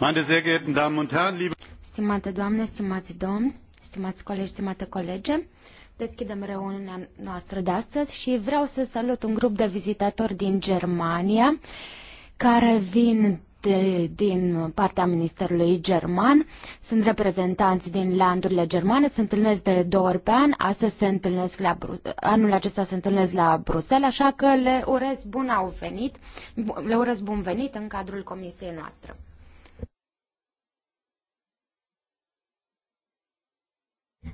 Meine sehr geehrten Damen und Herren, liebe Stimate doamne, stimați domni, stimați colegi, stimate colege, deschidem reuniunea noastră de astăzi și vreau să salut un grup de vizitatori din Germania care vin de, din partea Ministerului German. Sunt reprezentanți din landurile germane, se întâlnesc de două ori pe an, astăzi se întâlnesc la Bru- anul acesta se întâlnesc la Bruxelles, așa că le urez bun au venit, le urez bun venit în cadrul comisiei noastre.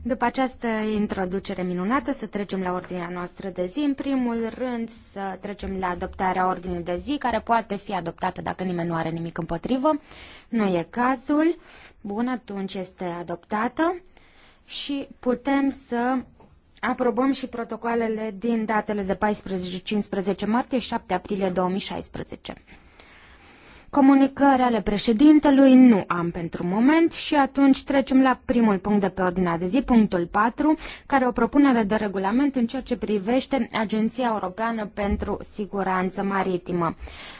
După această introducere minunată, să trecem la ordinea noastră de zi. În primul rând, să trecem la adoptarea ordinii de zi, care poate fi adoptată dacă nimeni nu are nimic împotrivă. Nu e cazul. Bun, atunci este adoptată și putem să aprobăm și protocoalele din datele de 14-15 martie și 7 aprilie 2016. Comunicări ale președintelui nu am pentru moment și atunci trecem la primul punct de pe ordinea de zi, punctul 4, care o propunere de regulament în ceea ce privește Agenția Europeană pentru Siguranță Maritimă.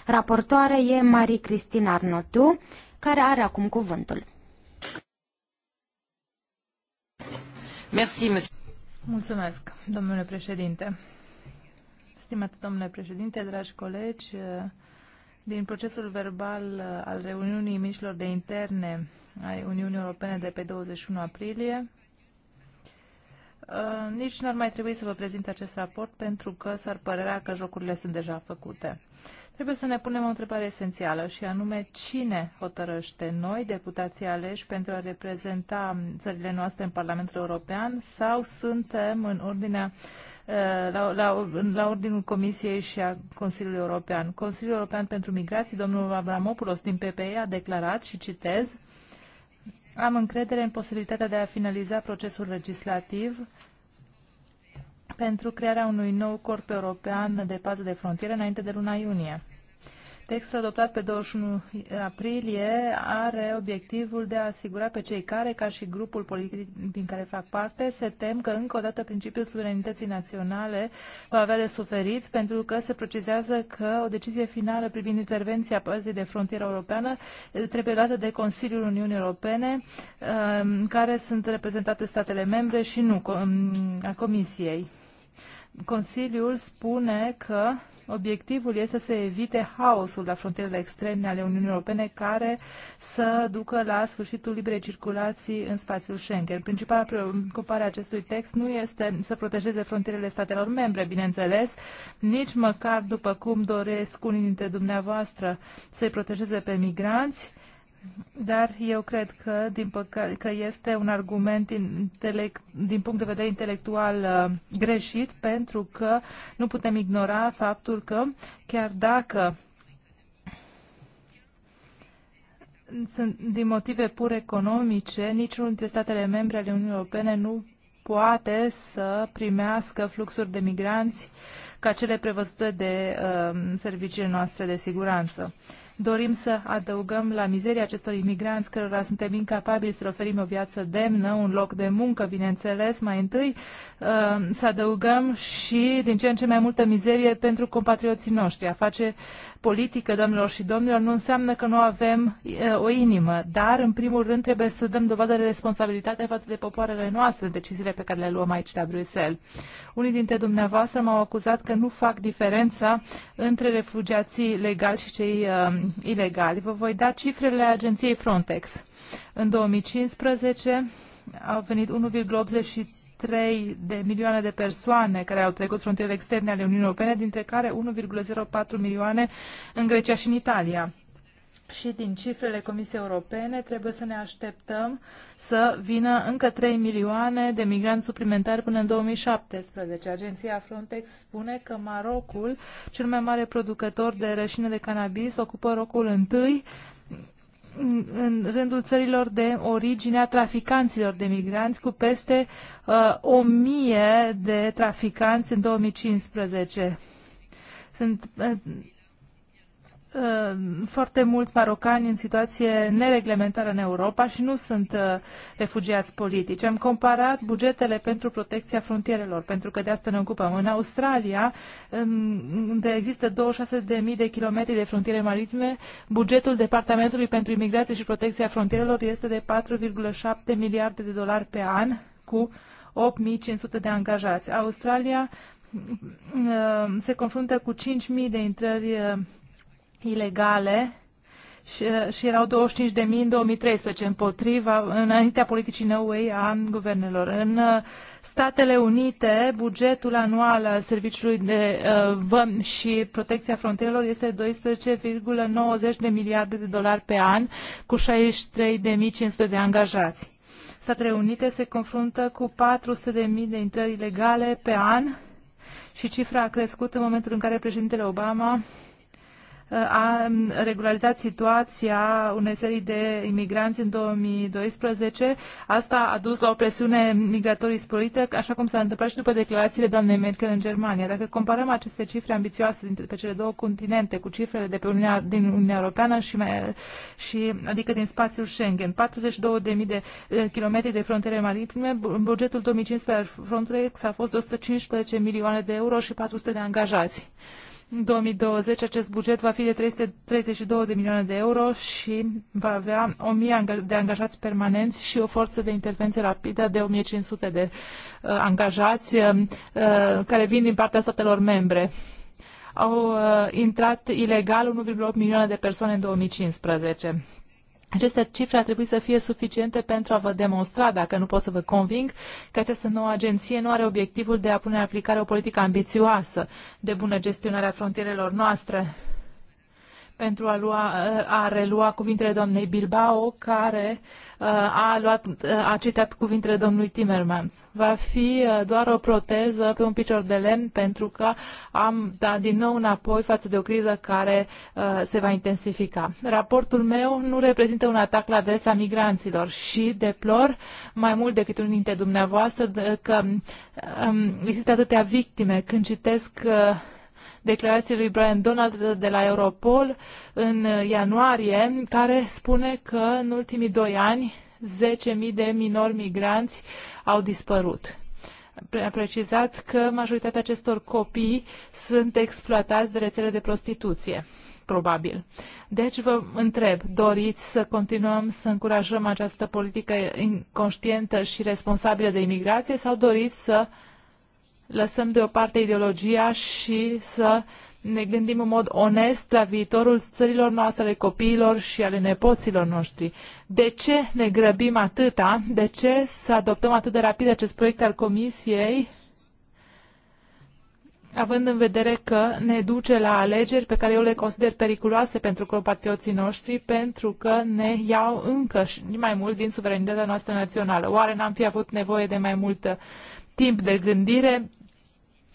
Raportoare e Marie Cristina Arnotu, care are acum cuvântul. Merci, Mulțumesc, domnule președinte. Stimate domnule președinte, dragi colegi, din procesul verbal uh, al reuniunii mișilor de interne ai Uniunii Europene de pe 21 aprilie. Uh, nici n-ar mai trebui să vă prezint acest raport pentru că s-ar părea că jocurile sunt deja făcute. Trebuie să ne punem o întrebare esențială și anume cine hotărăște noi, deputații aleși, pentru a reprezenta țările noastre în Parlamentul European sau suntem în ordinea uh, Uh, la, la, la ordinul Comisiei și a Consiliului European. Consiliul European pentru Migrații, domnul Abramopoulos din PPE, a declarat și citez am încredere în posibilitatea de a finaliza procesul legislativ pentru crearea unui nou corp european de pază de frontieră înainte de luna iunie. Textul adoptat pe 21 aprilie are obiectivul de a asigura pe cei care, ca și grupul politic din care fac parte, se tem că încă o dată principiul suveranității naționale va avea de suferit pentru că se precizează că o decizie finală privind intervenția păzii de frontieră europeană trebuie luată de Consiliul Uniunii Europene, în um, care sunt reprezentate statele membre și nu um, a Comisiei. Consiliul spune că obiectivul este să se evite haosul la frontierele extreme ale Uniunii Europene care să ducă la sfârșitul liberei circulații în spațiul Schengen. Principala preocupare a acestui text nu este să protejeze frontierele statelor membre, bineînțeles, nici măcar după cum doresc unii dintre dumneavoastră să-i protejeze pe migranți, dar eu cred că, din păcate, că este un argument intelect, din punct de vedere intelectual uh, greșit, pentru că nu putem ignora faptul că, chiar dacă sunt din motive pur economice, niciunul dintre statele membre ale Uniunii Europene nu poate să primească fluxuri de migranți ca cele prevăzute de uh, serviciile noastre de siguranță. Uh, dorim să adăugăm la mizeria acestor imigranți cărora suntem incapabili să oferim o viață demnă, un loc de muncă, bineînțeles, mai întâi, uh, să adăugăm și din ce în ce mai multă mizerie pentru compatrioții noștri, a face politică, domnilor și domnilor, nu înseamnă că nu avem o inimă, dar, în primul rând, trebuie să dăm dovadă de responsabilitate față de popoarele noastre, deciziile pe care le luăm aici la Bruxelles. Unii dintre dumneavoastră m-au acuzat că nu fac diferența între refugiații legali și cei uh, ilegali. Vă voi da cifrele agenției Frontex. În 2015 au venit de milioane de persoane care au trecut frontierele externe ale Uniunii Europene, dintre care 1,04 milioane în Grecia și în Italia. Și din cifrele Comisiei Europene trebuie să ne așteptăm să vină încă 3 milioane de migranți suplimentari până în 2017. Agenția Frontex spune că Marocul, cel mai mare producător de rășină de cannabis, ocupă locul întâi în rândul țărilor de origine a traficanților de migranți, cu peste uh, 1000 de traficanți în 2015. Sunt uh, Uh, foarte mulți marocani în situație nereglementară în Europa și nu sunt uh, refugiați politici. Am comparat bugetele pentru protecția frontierelor, pentru că de asta ne ocupăm. În Australia, unde există 26.000 de kilometri de frontiere maritime, bugetul Departamentului pentru Imigrație și Protecția Frontierelor este de 4,7 miliarde de dolari pe an, cu 8.500 de angajați. Australia uh, se confruntă cu 5.000 de intrări ilegale și, și erau 25.000 în 2013 împotriva, înaintea politicii noi a guvernelor. În uh, Statele Unite, bugetul anual al Serviciului de uh, Văm și Protecția Frontierelor este 12,90 de miliarde de dolari pe an, cu 63.500 de angajați. Statele Unite se confruntă cu 400.000 de intrări ilegale pe an și cifra a crescut în momentul în care președintele Obama a regularizat situația unei serii de imigranți în 2012. Asta a dus la o presiune migratorii sporită, așa cum s-a întâmplat și după declarațiile doamnei Merkel în Germania. Dacă comparăm aceste cifre ambițioase pe cele două continente cu cifrele de pe Uniunea, din Uniunea Europeană și, mai, și adică din spațiul Schengen, 42.000 de de kilometri de frontiere maritime, bugetul 2015 al Frontex a fost 115 milioane de euro și 400 de angajați. În 2020 acest buget va fi de 332 de milioane de euro și va avea 1000 de angajați permanenți și o forță de intervenție rapidă de 1500 de uh, angajați uh, uh, care vin din partea statelor membre. Au uh, intrat ilegal 1,8 milioane de persoane în 2015. Aceste cifre ar trebui să fie suficiente pentru a vă demonstra, dacă nu pot să vă conving, că această nouă agenție nu are obiectivul de a pune în aplicare o politică ambițioasă de bună gestionare a frontierelor noastre, pentru a, lua, a relua cuvintele doamnei Bilbao, care uh, a, luat, uh, a citat cuvintele domnului Timmermans. Va fi uh, doar o proteză pe un picior de lemn pentru că am dat din nou înapoi față de o criză care se va intensifica. Raportul meu nu reprezintă un atac la adresa migranților și deplor mai mult decât un dintre dumneavoastră că um, există atâtea victime când citesc declarației lui Brian Donald de la Europol în ianuarie, care spune că în ultimii doi ani 10.000 de minori migranți au dispărut. A precizat că majoritatea acestor copii sunt exploatați de rețele de prostituție probabil. Deci vă întreb, doriți să continuăm să încurajăm această politică inconștientă și responsabilă de imigrație sau doriți să lăsăm deoparte ideologia și să ne gândim în mod onest la viitorul țărilor noastre, ale copiilor și ale nepoților noștri. De ce ne grăbim atâta? De ce să adoptăm atât de rapid acest proiect al Comisiei? având în vedere că ne duce la alegeri pe care eu le consider periculoase pentru compatrioții noștri, pentru că ne iau încă și mai mult din suveranitatea noastră națională. Oare n-am fi avut nevoie de mai multă uh, timp de gândire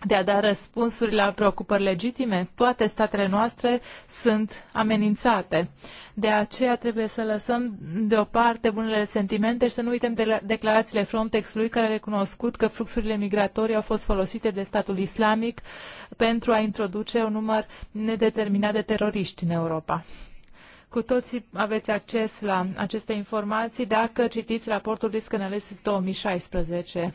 de a da răspunsuri la preocupări legitime, toate statele noastre sunt amenințate. De aceea trebuie să lăsăm deoparte bunele sentimente și să nu uităm de declarațiile Frontex-ului care a recunoscut că fluxurile migratorii au fost folosite de statul islamic pentru a introduce un număr nedeterminat de teroriști în Europa. Cu toții aveți acces la aceste informații dacă citiți raportul Risk Analysis 2016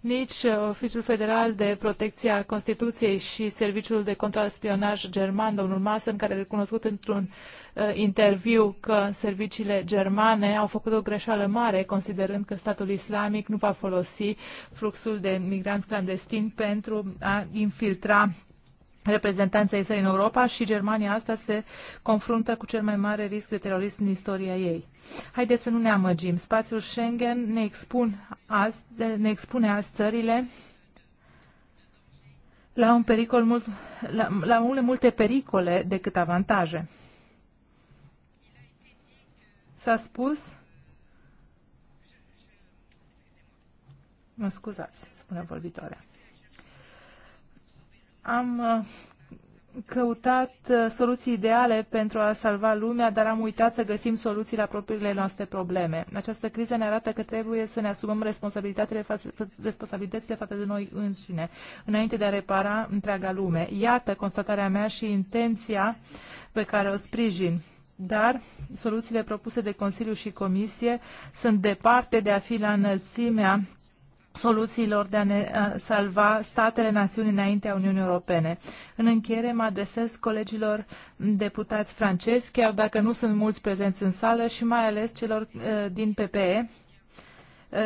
nici uh, Oficiul Federal de Protecție a Constituției și Serviciul de Contraspionaj German, domnul Masen, care a recunoscut într-un uh, interviu că serviciile germane au făcut o greșeală mare, considerând că statul islamic nu va folosi fluxul de migranți clandestini pentru a infiltra reprezentanței săi în Europa și Germania asta se confruntă cu cel mai mare risc de terorism din istoria ei. Haideți să nu ne amăgim. Spațiul Schengen ne, expun azi, ne expune azi țările la, un pericol mult, la, la multe, multe pericole decât avantaje. S-a spus... Mă scuzați, spune vorbitoarea. Am uh, căutat uh, soluții ideale pentru a salva lumea, dar am uitat să găsim soluții la propriile noastre probleme. Această criză ne arată că trebuie să ne asumăm responsabilitățile față, responsabilitățile față de noi înșine, înainte de a repara întreaga lume. Iată constatarea mea și intenția pe care o sprijin. Dar soluțiile propuse de Consiliu și Comisie sunt departe de a fi la înălțimea soluțiilor de a ne salva statele națiuni înaintea Uniunii Europene. În încheiere mă adresez colegilor deputați francezi, chiar dacă nu sunt mulți prezenți în sală și mai ales celor din PPE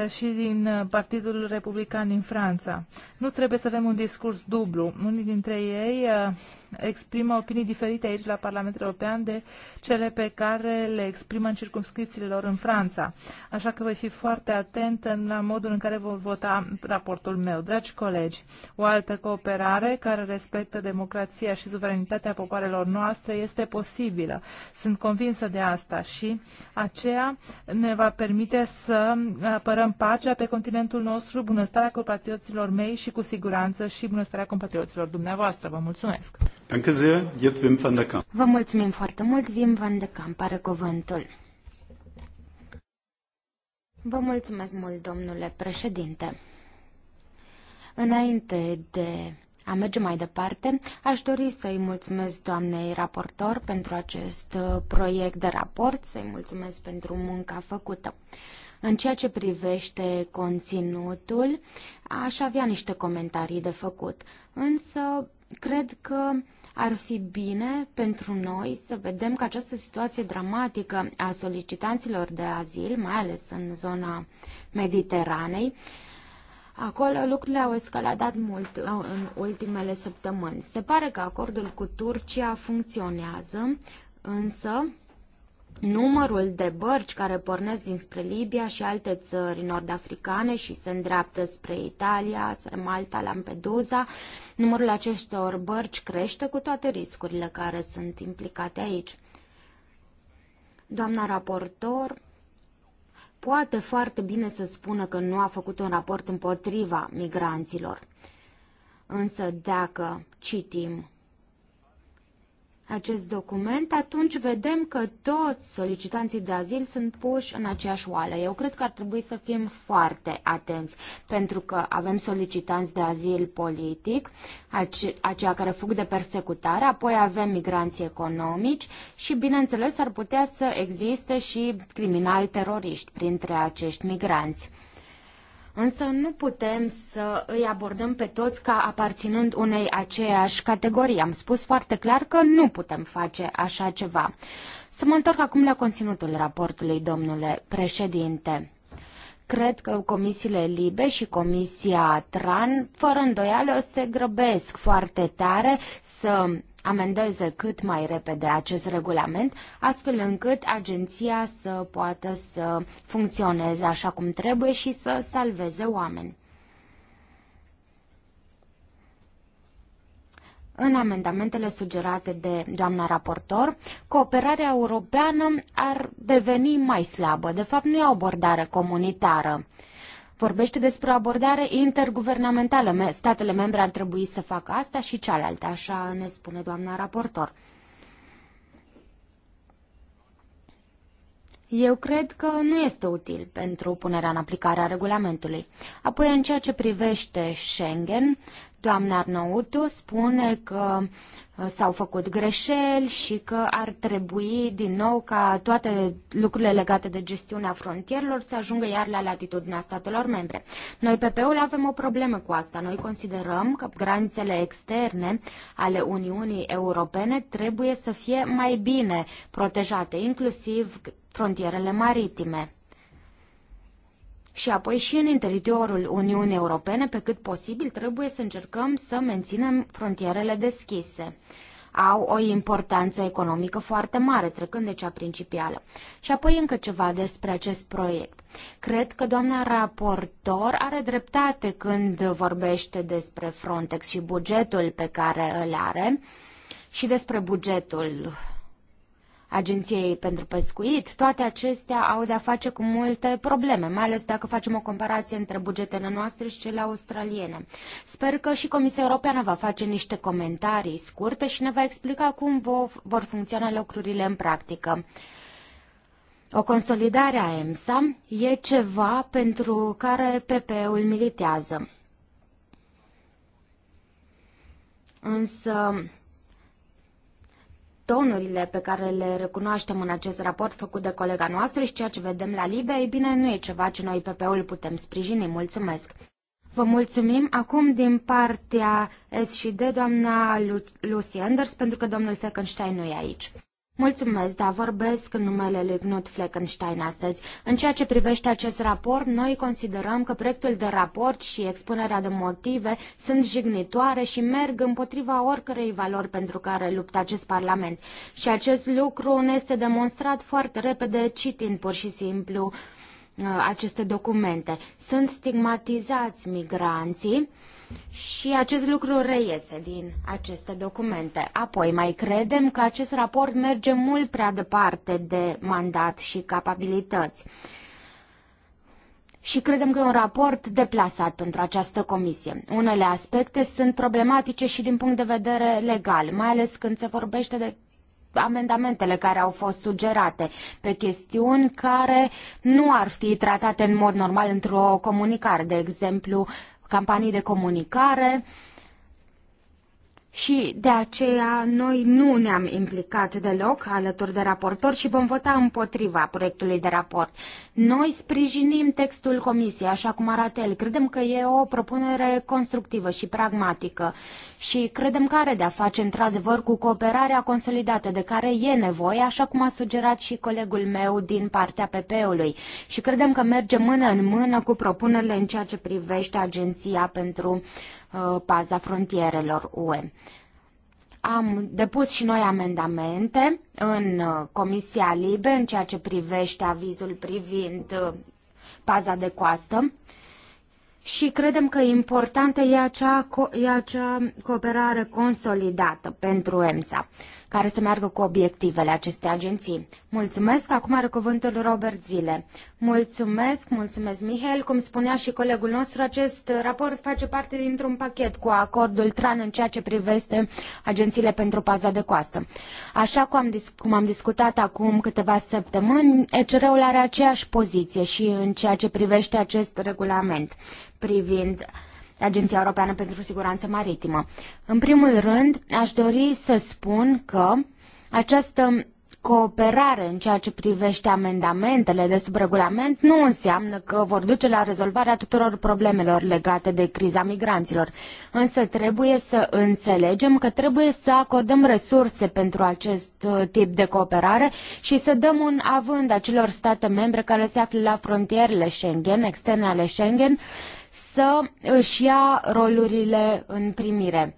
și din Partidul Republican din Franța. Nu trebuie să avem un discurs dublu. Unii dintre ei exprimă opinii diferite aici la Parlamentul European de cele pe care le exprimă în circumscripțiile lor în Franța. Așa că voi fi foarte atent la modul în care vor vota raportul meu. Dragi colegi, o altă cooperare care respectă democrația și suveranitatea popoarelor noastre este posibilă. Sunt convinsă de asta și aceea ne va permite să apărăm pacea pe continentul nostru, bunăstarea compatrioților mei și cu siguranță și bunăstarea compatrioților dumneavoastră. Vă mulțumesc! Vă mulțumim foarte mult, Wim van de Kamp are cuvântul. Vă mulțumesc mult, domnule președinte. Înainte de a merge mai departe, aș dori să-i mulțumesc doamnei raportor pentru acest uh, proiect de raport, să-i mulțumesc pentru munca făcută. În ceea ce privește conținutul, aș avea niște comentarii de făcut, însă Cred că ar fi bine pentru noi să vedem că această situație dramatică a solicitanților de azil, mai ales în zona Mediteranei, Acolo lucrurile au escaladat mult în ultimele săptămâni. Se pare că acordul cu Turcia funcționează, însă numărul de bărci care pornesc dinspre Libia și alte țări nord-africane și se îndreaptă spre Italia, spre Malta, Lampedusa, numărul acestor bărci crește cu toate riscurile care sunt implicate aici. Doamna raportor poate foarte bine să spună că nu a făcut un raport împotriva migranților. Însă dacă citim acest document, atunci vedem că toți solicitanții de azil sunt puși în aceeași oală. Eu cred că ar trebui să fim foarte atenți, pentru că avem solicitanți de azil politic, aceia care fug de persecutare, apoi avem migranții economici și, bineînțeles, ar putea să existe și criminali teroriști printre acești migranți însă nu putem să îi abordăm pe toți ca aparținând unei aceeași categorii. Am spus foarte clar că nu putem face așa ceva. Să mă întorc acum la conținutul raportului, domnule președinte cred că comisiile LIBE și comisia TRAN, fără îndoială, se grăbesc foarte tare să amendeze cât mai repede acest regulament, astfel încât agenția să poată să funcționeze așa cum trebuie și să salveze oameni. În amendamentele sugerate de doamna raportor, cooperarea europeană ar deveni mai slabă, de fapt nu e o abordare comunitară vorbește despre o abordare interguvernamentală. Statele membre ar trebui să facă asta și cealaltă, așa ne spune doamna raportor. Eu cred că nu este util pentru punerea în aplicare a regulamentului. Apoi, în ceea ce privește Schengen, Doamna Arnautu spune că uh, s-au făcut greșeli și că ar trebui din nou ca toate lucrurile legate de gestiunea frontierelor să ajungă iar la latitudinea statelor membre. Noi, PP-ul, avem o problemă cu asta. Noi considerăm că granițele externe ale Uniunii Europene trebuie să fie mai bine protejate, inclusiv frontierele maritime și apoi și în interiorul Uniunii Europene, pe cât posibil, trebuie să încercăm să menținem frontierele deschise. Au o importanță economică foarte mare, trecând de cea principală. Și apoi încă ceva despre acest proiect. Cred că doamna raportor are dreptate când vorbește despre Frontex și bugetul pe care îl are și despre bugetul Agenției pentru Pescuit, toate acestea au de-a face cu multe probleme, mai ales dacă facem o comparație între bugetele noastre și cele australiene. Sper că și Comisia Europeană va face niște comentarii scurte și ne va explica cum vor funcționa lucrurile în practică. O consolidare a EMSA e ceva pentru care PP-ul militează. Însă, tonurile pe care le recunoaștem în acest raport făcut de colega noastră și ceea ce vedem la Libe, ei bine, nu e ceva ce noi pe ul putem sprijini. Mulțumesc! Vă mulțumim acum din partea S și de doamna Lucy Anders, pentru că domnul Feckenstein nu e aici. Mulțumesc, da, vorbesc în numele lui Knut Fleckenstein astăzi. În ceea ce privește acest raport, noi considerăm că proiectul de raport și expunerea de motive sunt jignitoare și merg împotriva oricărei valori pentru care luptă acest Parlament. Și acest lucru ne este demonstrat foarte repede citind pur și simplu uh, aceste documente. Sunt stigmatizați migranții și acest lucru reiese din aceste documente. Apoi, mai credem că acest raport merge mult prea departe de mandat și capabilități. Și credem că e un raport deplasat pentru această comisie. Unele aspecte sunt problematice și din punct de vedere legal, mai ales când se vorbește de amendamentele care au fost sugerate pe chestiuni care nu ar fi tratate în mod normal într-o comunicare, de exemplu campanii de comunicare și de aceea noi nu ne-am implicat deloc alături de raportor și vom vota împotriva proiectului de raport. Noi sprijinim textul comisiei, așa cum arată el. Credem că e o propunere constructivă și pragmatică și credem că are de-a face într-adevăr cu cooperarea consolidată de care e nevoie, așa cum a sugerat și colegul meu din partea PP-ului. Și credem că merge mână în mână cu propunerile în ceea ce privește Agenția pentru uh, Paza Frontierelor UE. Am depus și noi amendamente în uh, Comisia Libe în ceea ce privește avizul privind uh, paza de coastă și credem că importantă e acea, co- e acea cooperare consolidată pentru EMSA care să meargă cu obiectivele acestei agenții. Mulțumesc, acum are cuvântul Robert Zile. Mulțumesc, mulțumesc, Mihel. Cum spunea și colegul nostru, acest raport face parte dintr-un pachet cu acordul TRAN în ceea ce privește agențiile pentru paza de coastă. Așa cum am, dis- cum am discutat acum câteva săptămâni, ECR-ul are aceeași poziție și în ceea ce privește acest regulament privind uh, Agenția Europeană pentru Siguranță Maritimă. În primul rând, aș dori să spun că această cooperare în ceea ce privește amendamentele de sub regulament nu înseamnă că vor duce la rezolvarea tuturor problemelor legate de criza migranților. Însă trebuie să înțelegem că trebuie să acordăm resurse pentru acest uh, tip de cooperare și să dăm un având acelor state membre care se află la frontierele Schengen, externe ale Schengen, să își ia rolurile în primire.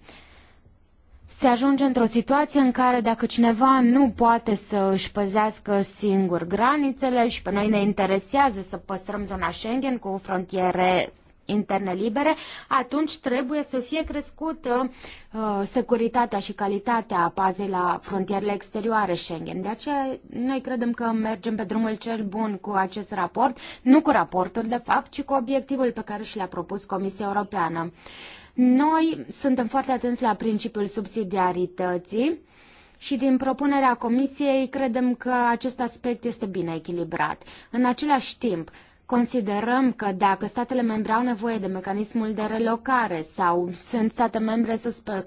Se ajunge într-o situație în care dacă cineva nu poate să își păzească singur granițele și pe noi ne interesează să păstrăm zona Schengen cu frontiere interne libere, atunci trebuie să fie crescută uh, securitatea și calitatea pazei la frontierele exterioare Schengen. De aceea noi credem că mergem pe drumul cel bun cu acest raport, nu cu raportul de fapt, ci cu obiectivul pe care și l-a propus Comisia Europeană. Noi suntem foarte atenți la principiul subsidiarității și din propunerea Comisiei credem că acest aspect este bine echilibrat. În același timp, Considerăm că dacă statele membre au nevoie de mecanismul de relocare sau sunt state membre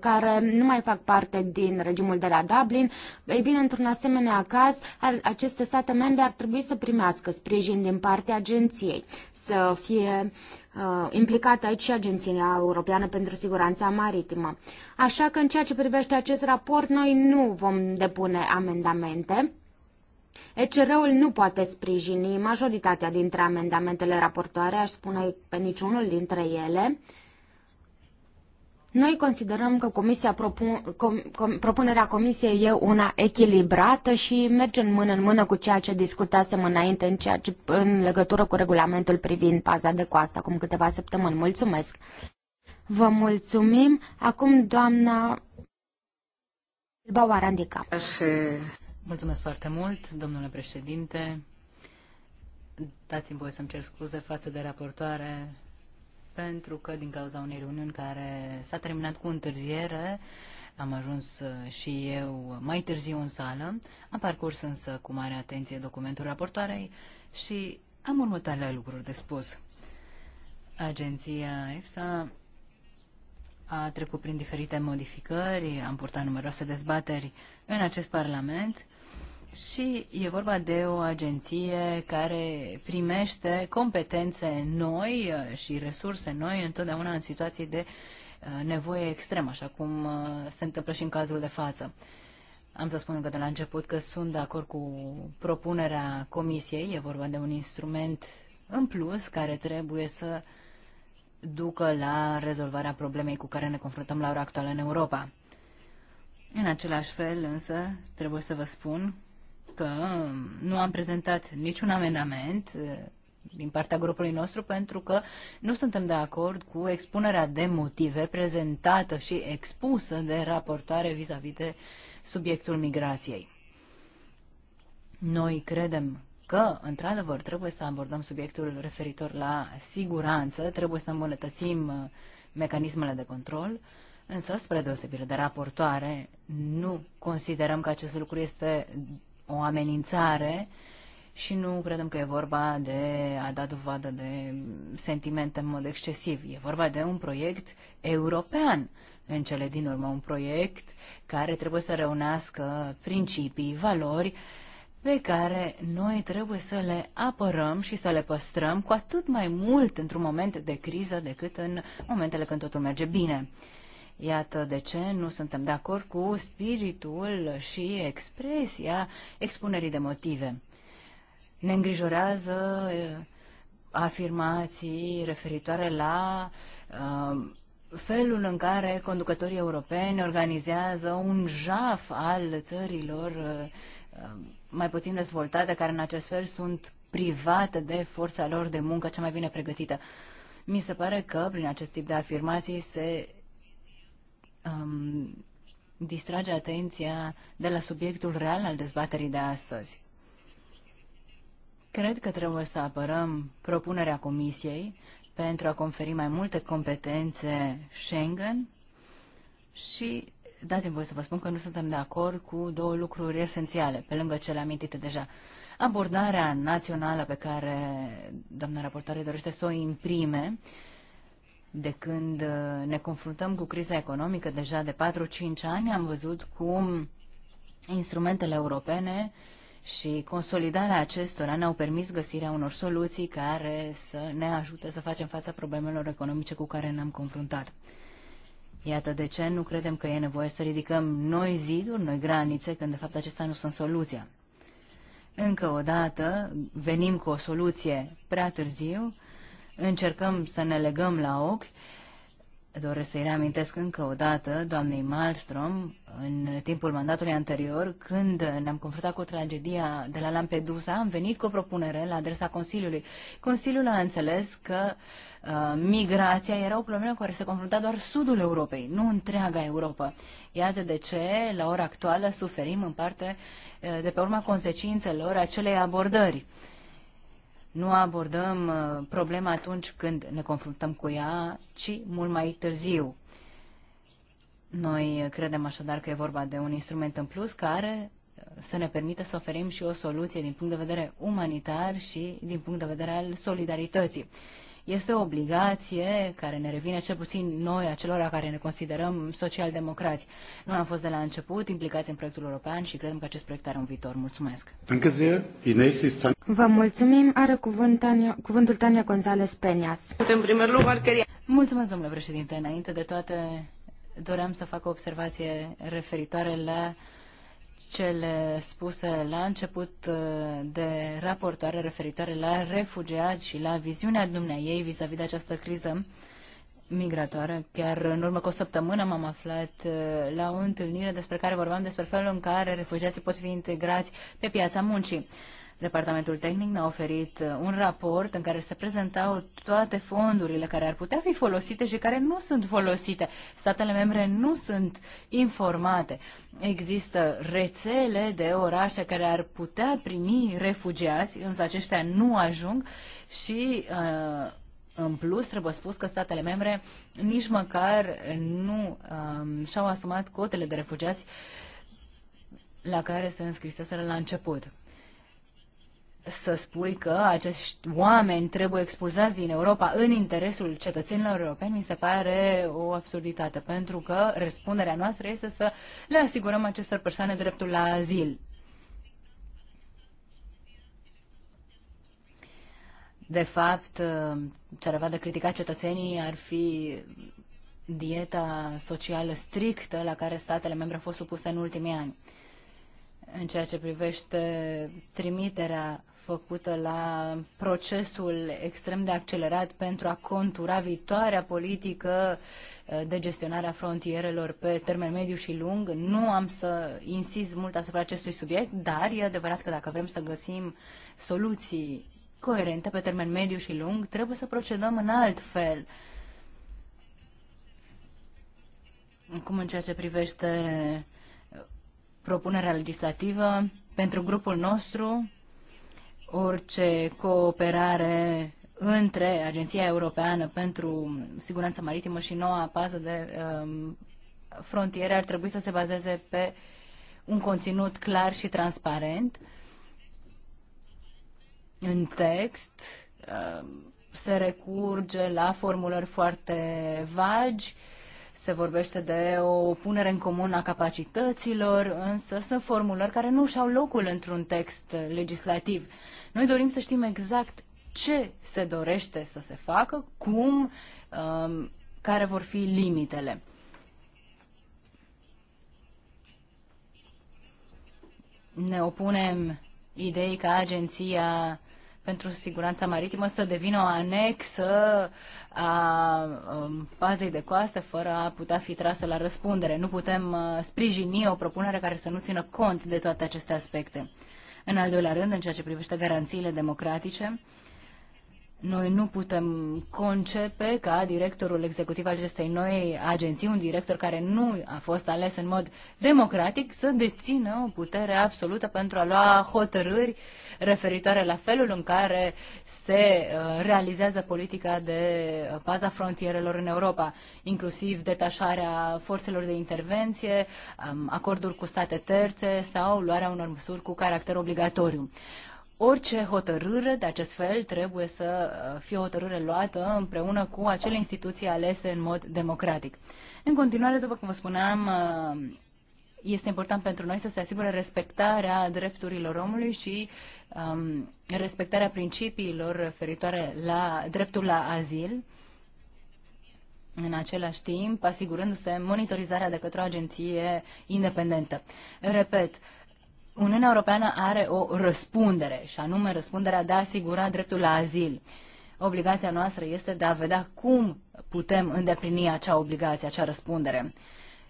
care nu mai fac parte din regimul de la Dublin, ei bine, într-un asemenea caz, ar, aceste state membre ar trebui să primească sprijin din partea agenției, să fie uh, implicată aici și Agenția Europeană pentru Siguranța Maritimă. Așa că, în ceea ce privește acest raport, noi nu vom depune amendamente ECR-ul nu poate sprijini majoritatea dintre amendamentele raportoare, aș spune pe niciunul dintre ele. Noi considerăm că comisia propun, com, com, propunerea comisiei e una echilibrată și merge în mână în mână cu ceea ce discutasem înainte în, ceea ce, în legătură cu regulamentul privind paza de coastă acum câteva săptămâni. Mulțumesc! Vă mulțumim! Acum doamna Bilbao Așa. Mulțumesc foarte mult, domnule președinte. Dați-mi voie să-mi cer scuze față de raportoare pentru că din cauza unei reuniuni care s-a terminat cu întârziere, am ajuns uh, și eu mai târziu în sală, am parcurs însă cu mare atenție documentul raportoarei și am următoarele lucruri de spus. Agenția EFSA a trecut prin diferite modificări, am purtat numeroase dezbateri în acest Parlament și e vorba de o agenție care primește competențe noi uh, și resurse noi întotdeauna în situații de uh, nevoie extremă, așa cum uh, se întâmplă și în cazul de față. Am să spun că de la început că sunt de acord cu propunerea Comisiei, e vorba de un instrument în plus care trebuie să uh, ducă la rezolvarea problemei cu care ne confruntăm la ora actuală în Europa. În același fel, însă, trebuie să vă spun că nu am prezentat niciun amendament eh, din partea grupului nostru pentru că nu suntem de acord cu expunerea de motive prezentată și expusă de raportoare vis-a-vis -vis de subiectul migrației. Noi credem că, într-adevăr, trebuie să abordăm subiectul referitor la siguranță, trebuie să îmbunătățim uh, mecanismele de control, însă, spre deosebire de raportoare, nu considerăm că acest lucru este o amenințare și nu credem că e vorba de a da dovadă de sentimente în mod excesiv. E vorba de un proiect european, în cele din urmă un proiect care trebuie să reunească principii, valori, pe care noi trebuie să le apărăm și să le păstrăm cu atât mai mult într-un moment de criză decât în momentele când totul merge bine. Iată de ce nu suntem de acord cu spiritul și expresia expunerii de motive. Ne îngrijorează afirmații referitoare la uh, felul în care conducătorii europeni organizează un jaf al țărilor uh, mai puțin dezvoltate, care în acest fel sunt private de forța lor de muncă cea mai bine pregătită. Mi se pare că prin acest tip de afirmații se um, distrage atenția de la subiectul real al dezbaterii de astăzi. Cred că trebuie să apărăm propunerea Comisiei pentru a conferi mai multe competențe Schengen și dați-mi voi să vă spun că nu suntem de acord cu două lucruri esențiale, pe lângă cele amintite deja. Abordarea națională pe care doamna raportoare dorește să o imprime de când uh, ne confruntăm cu criza economică deja de 4-5 ani, am văzut cum instrumentele europene și consolidarea acestora ne-au permis găsirea unor soluții care să ne ajute să facem fața problemelor economice cu care ne-am confruntat. Iată de ce nu credem că e nevoie să ridicăm noi ziduri, noi granițe, când de fapt acestea nu sunt soluția. Încă o dată venim cu o soluție prea târziu, încercăm să ne legăm la ochi Doresc să-i reamintesc încă o dată doamnei Malmström, în timpul mandatului anterior, când ne-am confruntat cu tragedia de la Lampedusa, am venit cu o propunere la adresa Consiliului. Consiliul a înțeles că uh, migrația era o problemă cu care se confrunta doar sudul Europei, nu întreaga Europa. Iată de ce, la ora actuală, suferim în parte uh, de pe urma consecințelor acelei abordări. Uh, nu abordăm uh, problema atunci când ne confruntăm cu ea, ci mult mai târziu. Noi uh, credem așadar că e vorba de un instrument în plus care uh, să ne permită să oferim și o soluție din punct de vedere umanitar și din punct de vedere al solidarității. Este o obligație care ne revine cel puțin noi, acelora care ne considerăm social-democrați. Noi am fost de la început implicați în proiectul european și credem că acest proiect are un viitor. Mulțumesc! Vă mulțumim. Are cuvânt Tania, cuvântul Tania González Peñas. Mulțumesc, domnule președinte. Înainte de toate, doream să fac o observație referitoare la cele spuse la început uh, de raportoare referitoare la refugiați și la viziunea dumnea ei vis-a-vis -vis de această criză migratoare. Chiar în urmă cu o săptămână m-am aflat uh, la o întâlnire despre care vorbeam despre felul în care refugiații pot fi integrați pe piața muncii. Departamentul tehnic ne-a oferit uh, un raport în care se prezentau toate fondurile care ar putea fi folosite și care nu sunt folosite. Statele membre nu sunt informate. Există rețele de orașe care ar putea primi refugiați, însă aceștia nu ajung și uh, în plus, trebuie spus că statele membre nici măcar nu um, și-au asumat cotele de refugiați la care se înscriseseră la început să spui că acești oameni trebuie expulzați din Europa în interesul cetățenilor europeni, mi se pare o absurditate, pentru că răspunderea noastră este să le asigurăm acestor persoane dreptul la azil. De fapt, ce ar avea de criticat cetățenii ar fi dieta socială strictă la care statele membre au fost supuse în ultimii ani. În ceea ce privește trimiterea făcută la procesul extrem de accelerat pentru a contura viitoarea politică eh, de gestionarea frontierelor pe termen mediu și lung. Nu am să insist mult asupra acestui subiect, dar e adevărat că dacă vrem să găsim soluții coerente pe termen mediu și lung, trebuie să procedăm în alt fel. Cum în ceea ce privește propunerea legislativă, pentru grupul nostru orice cooperare între Agenția Europeană pentru Siguranță Maritimă și noua pază de um, frontiere ar trebui să se bazeze pe un conținut clar și transparent. În text um, se recurge la formulări foarte vagi, se vorbește de o punere în comun a capacităților, însă sunt formulări care nu și-au locul într-un text legislativ. Uh, noi dorim să știm exact ce se dorește să se facă, cum, um, care vor fi limitele. Ne opunem idei ca agenția pentru siguranța maritimă să devină o anexă a bazei um, de coastă fără a putea fi trasă la răspundere. Nu putem uh, sprijini o propunere care să nu țină cont de toate aceste aspecte. În al doilea rând, în ceea ce privește garanțiile democratice, noi nu putem concepe ca directorul executiv al acestei noi agenții, un director care nu a fost ales în mod democratic, să dețină o putere absolută pentru a lua hotărâri uh, referitoare la felul în care se uh, realizează politica de paza uh, frontierelor în Europa, inclusiv detașarea forțelor de intervenție, um, acorduri cu state terțe sau luarea unor măsuri cu caracter obligatoriu. Orice hotărâre de acest fel trebuie să uh, fie o hotărâre luată împreună cu acele instituții alese în mod democratic. În continuare, după cum vă spuneam, este important pentru noi să se asigure respectarea drepturilor omului și um, respectarea principiilor referitoare la dreptul la azil, în același timp asigurându-se monitorizarea de către o agenție independentă. Repet, Uniunea Europeană are o răspundere, și anume răspunderea de a asigura dreptul la azil. Obligația noastră este de a vedea cum putem îndeplini acea obligație, acea răspundere.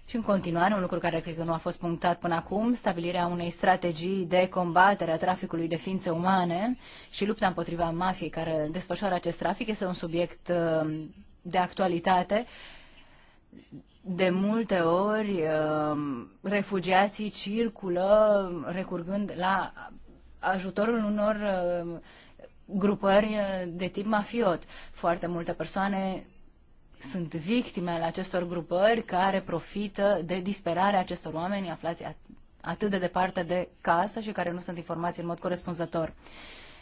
Și în continuare, un lucru care cred că nu a fost punctat până acum, stabilirea unei strategii de combatere a traficului de ființe umane și lupta împotriva mafiei care desfășoară acest trafic este un subiect uh, de actualitate. De multe ori, uh, refugiații circulă recurgând la ajutorul unor uh, grupări de tip mafiot. Foarte multe persoane sunt victime ale acestor grupări care profită de disperarea acestor oameni aflați atât de departe de casă și care nu sunt informați în mod corespunzător.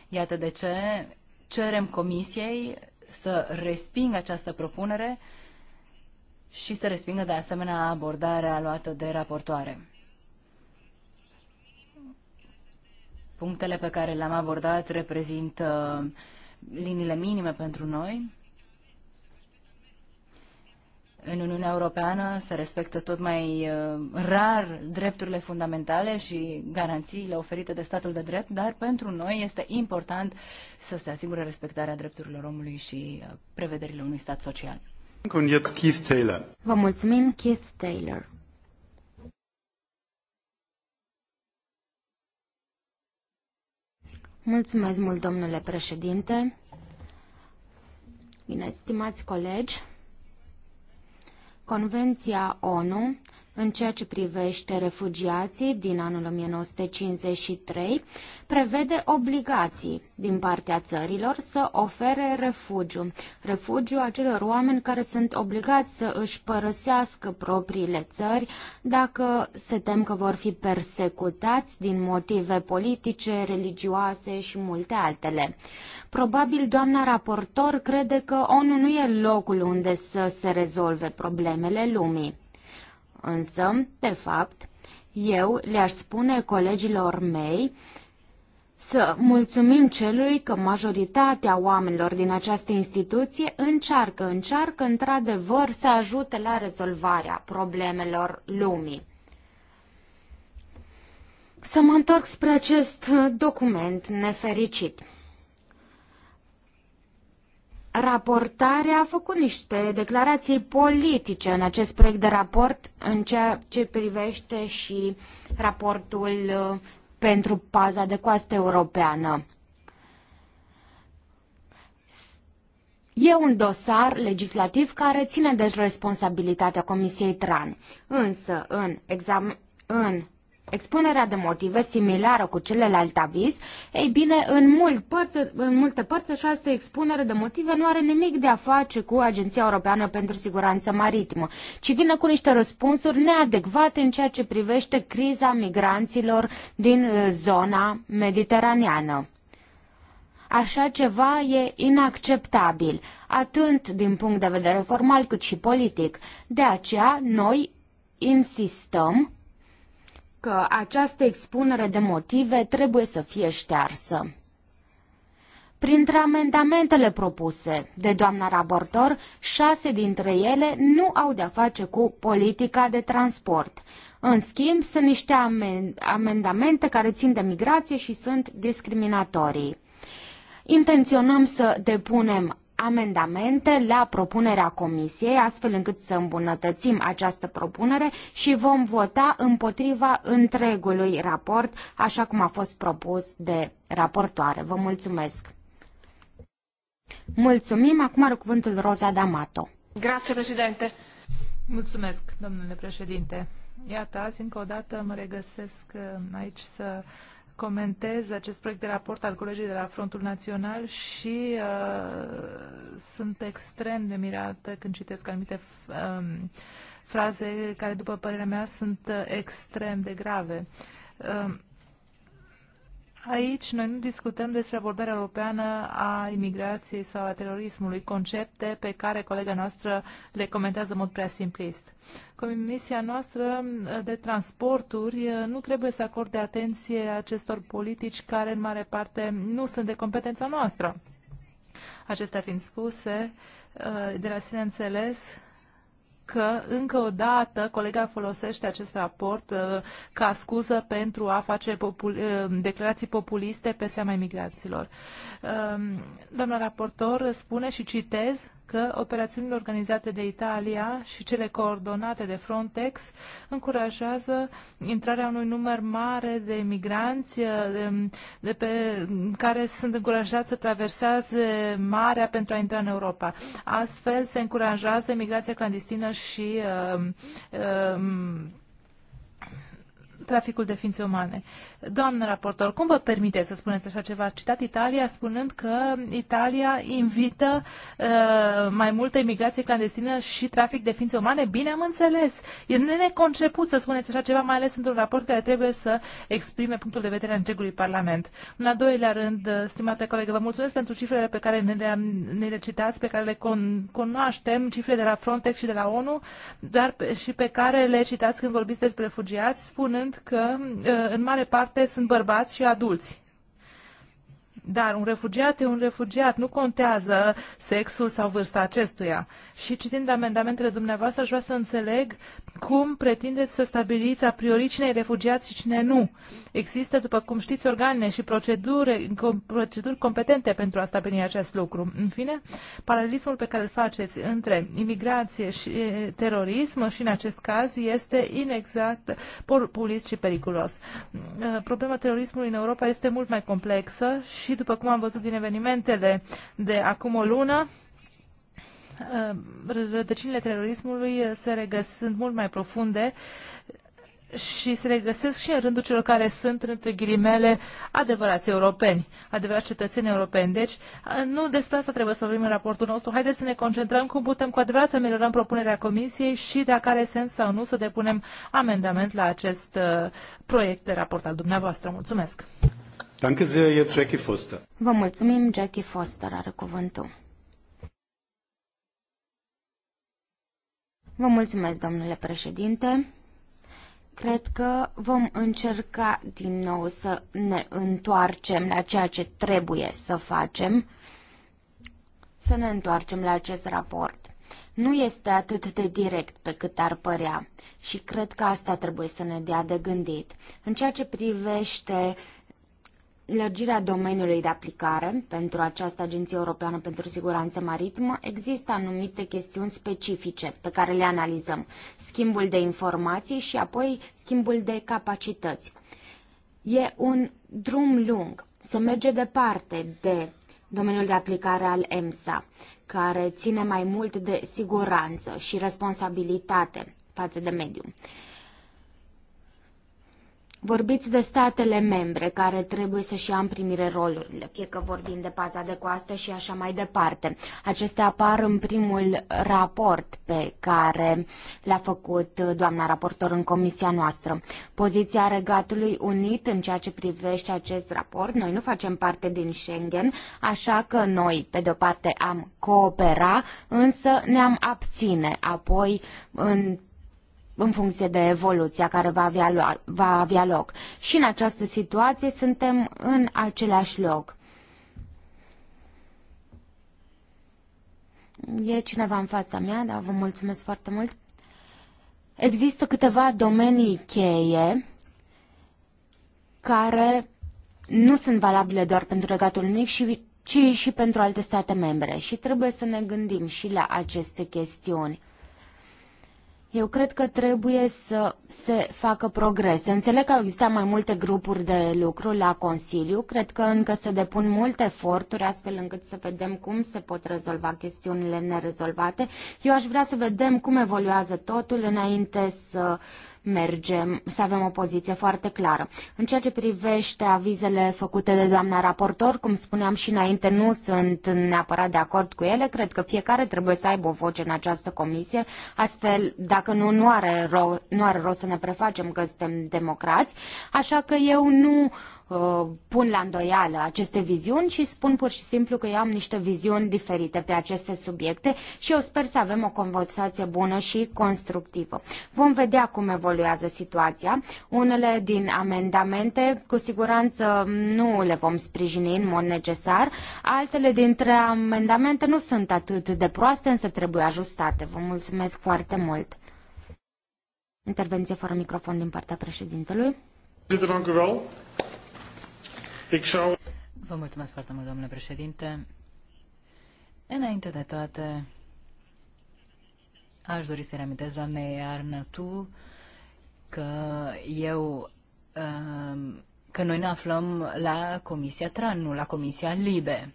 Iată de ce cerem comisiei să respingă această propunere și să respingă de asemenea abordarea luată de raportoare. Punctele pe care le-am abordat reprezintă uh, liniile minime pentru noi în Uniunea Europeană se respectă tot mai uh, rar drepturile fundamentale și garanțiile oferite de statul de drept, dar pentru noi este important să se asigure respectarea drepturilor omului și uh, prevederile unui stat social. Vă mulțumim, Keith Taylor. Mulțumesc mult, domnule președinte. Bine, stimați colegi, Convenția ONU în ceea ce privește refugiații din anul 1953, prevede obligații din partea țărilor să ofere refugiu, refugiu acelor oameni care sunt obligați să își părăsească propriile țări dacă se tem că vor fi persecutați din motive politice, religioase și multe altele. Probabil doamna raportor crede că ONU nu e locul unde să se rezolve problemele lumii. Însă, de fapt, eu le-aș spune colegilor mei să mulțumim celui că majoritatea oamenilor din această instituție încearcă, încearcă într-adevăr să ajute la rezolvarea problemelor lumii. Să mă întorc spre acest document nefericit raportarea a făcut niște declarații politice în acest proiect de raport în ceea ce privește și raportul uh, pentru paza de coastă europeană. E un dosar legislativ care ține de responsabilitatea Comisiei TRAN. Însă, în, exam- în expunerea de motive similară cu celălalt aviz, ei bine, în, mult părți, în multe părți această expunere de motive nu are nimic de a face cu Agenția Europeană pentru Siguranță Maritimă, ci vine cu niște răspunsuri neadecvate în ceea ce privește criza migranților din uh, zona mediteraneană. Așa ceva e inacceptabil, atât din punct de vedere formal cât și politic. De aceea, noi insistăm că această expunere de motive trebuie să fie ștearsă. Printre amendamentele propuse de doamna raportor, șase dintre ele nu au de-a face cu politica de transport. În schimb, sunt niște amendamente care țin de migrație și sunt discriminatorii. Intenționăm să depunem amendamente la propunerea comisiei, astfel încât să îmbunătățim această propunere și vom vota împotriva întregului raport, așa cum a fost propus de raportoare. Vă mulțumesc! Mulțumim! Acum are cuvântul Roza D'Amato. Grazie, președinte! Mulțumesc, domnule președinte! Iată, azi încă o dată mă regăsesc uh, aici să comentez acest proiect de raport al colegii de la Frontul Național și uh, sunt extrem de mirată când citesc anumite um, fraze care, după părerea mea, sunt uh, extrem de grave. Uh, Aici noi nu discutăm despre abordarea europeană a imigrației sau a terorismului, concepte pe care colega noastră le comentează în mod prea simplist. Comisia noastră eh, de transporturi eh, nu trebuie să acorde atenție acestor politici care în mare parte nu sunt de competența noastră. Acestea fiind spuse, eh, de la sine înțeles, că încă o dată colega folosește acest raport uh, ca scuză pentru a face popul, uh, declarații populiste pe seama imigranților. Uh, doamna raportor spune și citez că operațiunile organizate de Italia și cele coordonate de Frontex încurajează intrarea unui număr mare de migranți eh, de, de pe, care sunt încurajați să traverseze marea pentru a intra în Europa. Astfel se încurajează migrația clandestină și uh, uh, traficul de ființe umane. Doamnă raportor, cum vă permite să spuneți așa ceva? Ați citat Italia spunând că Italia invită uh, mai multă imigrație clandestină și trafic de ființe umane? Bine am înțeles. E neconceput să spuneți așa ceva, mai ales într-un raport care trebuie să exprime punctul de vedere a întregului Parlament. În al doilea rând, uh, stimate colegă, vă mulțumesc pentru cifrele pe care ne le, ne le citați, pe care le con- cunoaștem, cifre de la Frontex și de la ONU, dar și pe care le citați când vorbiți despre refugiați, spunând că uh, în mare parte sunt bărbați și adulți dar un refugiat e un refugiat, nu contează sexul sau vârsta acestuia. Și citind amendamentele dumneavoastră, aș vrea să înțeleg cum pretindeți să stabiliți a priori cine e refugiat și cine nu. Există, după cum știți, organe și proceduri, proceduri competente pentru a stabili acest lucru. În fine, paralelismul pe care îl faceți între imigrație și terorism și în acest caz este inexact, populist și periculos. Problema terorismului în Europa este mult mai complexă și după cum am văzut din evenimentele de acum o lună, uh, rădăcinile terorismului uh, se regăsesc, sunt mult mai profunde și se regăsesc și în rândul celor care sunt, între ghilimele, adevărați europeni, adevărați cetățeni europeni. Deci, uh, nu despre asta trebuie să vorbim în raportul nostru. Haideți să ne concentrăm cum putem cu adevărat să ameliorăm propunerea Comisiei și dacă are sens sau nu să depunem amendament la acest uh, proiect de raport al dumneavoastră. Mulțumesc! Danke sehr, Jackie Foster. Vă mulțumim, Jackie Foster are cuvântul. Vă mulțumesc, domnule președinte. Cred că vom încerca din nou să ne întoarcem la ceea ce trebuie să facem, să ne întoarcem la acest raport. Nu este atât de direct pe cât ar părea și cred că asta trebuie să ne dea de gândit. În ceea ce privește uh, lărgirea domeniului de aplicare pentru această Agenție Europeană pentru Siguranță Maritimă, există anumite chestiuni specifice pe care le analizăm. Schimbul de informații și apoi schimbul de capacități. E un drum lung. Se merge departe de domeniul de aplicare al EMSA, care ține mai mult de siguranță și responsabilitate față de mediu. Vorbiți de statele membre care trebuie să-și ia în primire rolurile, fie că vorbim de paza de coastă și așa mai departe. Acestea apar în primul raport pe care l-a făcut uh, doamna raportor în comisia noastră. Poziția Regatului Unit în ceea ce privește acest raport, noi nu facem parte din Schengen, așa că noi, pe de-o parte, am coopera, însă ne-am abține. Apoi, în în funcție de evoluția care va avea, va avea loc. Și în această situație suntem în același loc. E cineva în fața mea, dar vă mulțumesc foarte mult. Există câteva domenii cheie care nu sunt valabile doar pentru Regatul Unic, ci și pentru alte state membre și trebuie să ne gândim și la aceste chestiuni. Eu cred că trebuie să se facă progrese. Înțeleg că au existat mai multe grupuri de lucru la Consiliu. Cred că încă se depun multe eforturi astfel încât să vedem cum se pot rezolva chestiunile nerezolvate. Eu aș vrea să vedem cum evoluează totul înainte să uh, mergem, să avem o poziție foarte clară. În ceea ce privește avizele făcute de doamna raportor, cum spuneam și înainte, nu sunt neapărat de acord cu ele. Cred că fiecare trebuie să aibă o voce în această comisie, astfel, dacă nu, nu are, ro- nu are să ne prefacem că suntem democrați. Așa că eu nu uh, Uh, pun la îndoială aceste viziuni și spun pur și simplu că eu am niște viziuni diferite pe aceste subiecte și eu sper să avem o conversație bună și constructivă. Vom vedea cum evoluează situația. Unele din amendamente cu siguranță nu le vom sprijini în mod necesar, altele dintre amendamente nu sunt atât de proaste, însă trebuie ajustate. Vă mulțumesc foarte mult! Intervenție fără microfon din partea președintelui. dank u wel. Vă mulțumesc foarte mult, domnule președinte. Înainte de toate, aș dori să reamintesc doamnei tu că eu um, că noi ne aflăm la Comisia Tran, nu la Comisia Libe.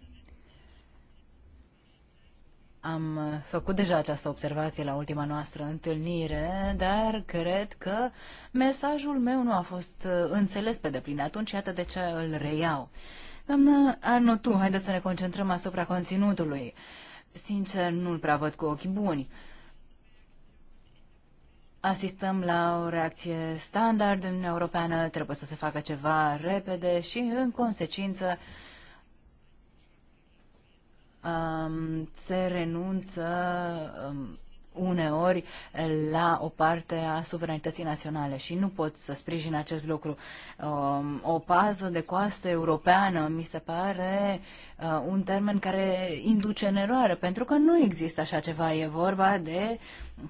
Am uh, făcut deja această observație la ultima noastră întâlnire, dar cred că mesajul meu nu a fost uh, înțeles pe deplin. Atunci, iată de ce îl reiau. Doamnă tu, haideți să ne concentrăm asupra conținutului. Sincer, nu-l prea văd cu ochi buni. Asistăm la o reacție standard în Uniunea Europeană, trebuie să se facă ceva repede și, în consecință, um, se renunță um, uneori la o parte a suveranității naționale și nu pot să sprijin acest lucru. Um, o pază de coastă europeană mi se pare uh, un termen care induce în eroare, pentru că nu există așa ceva. E vorba de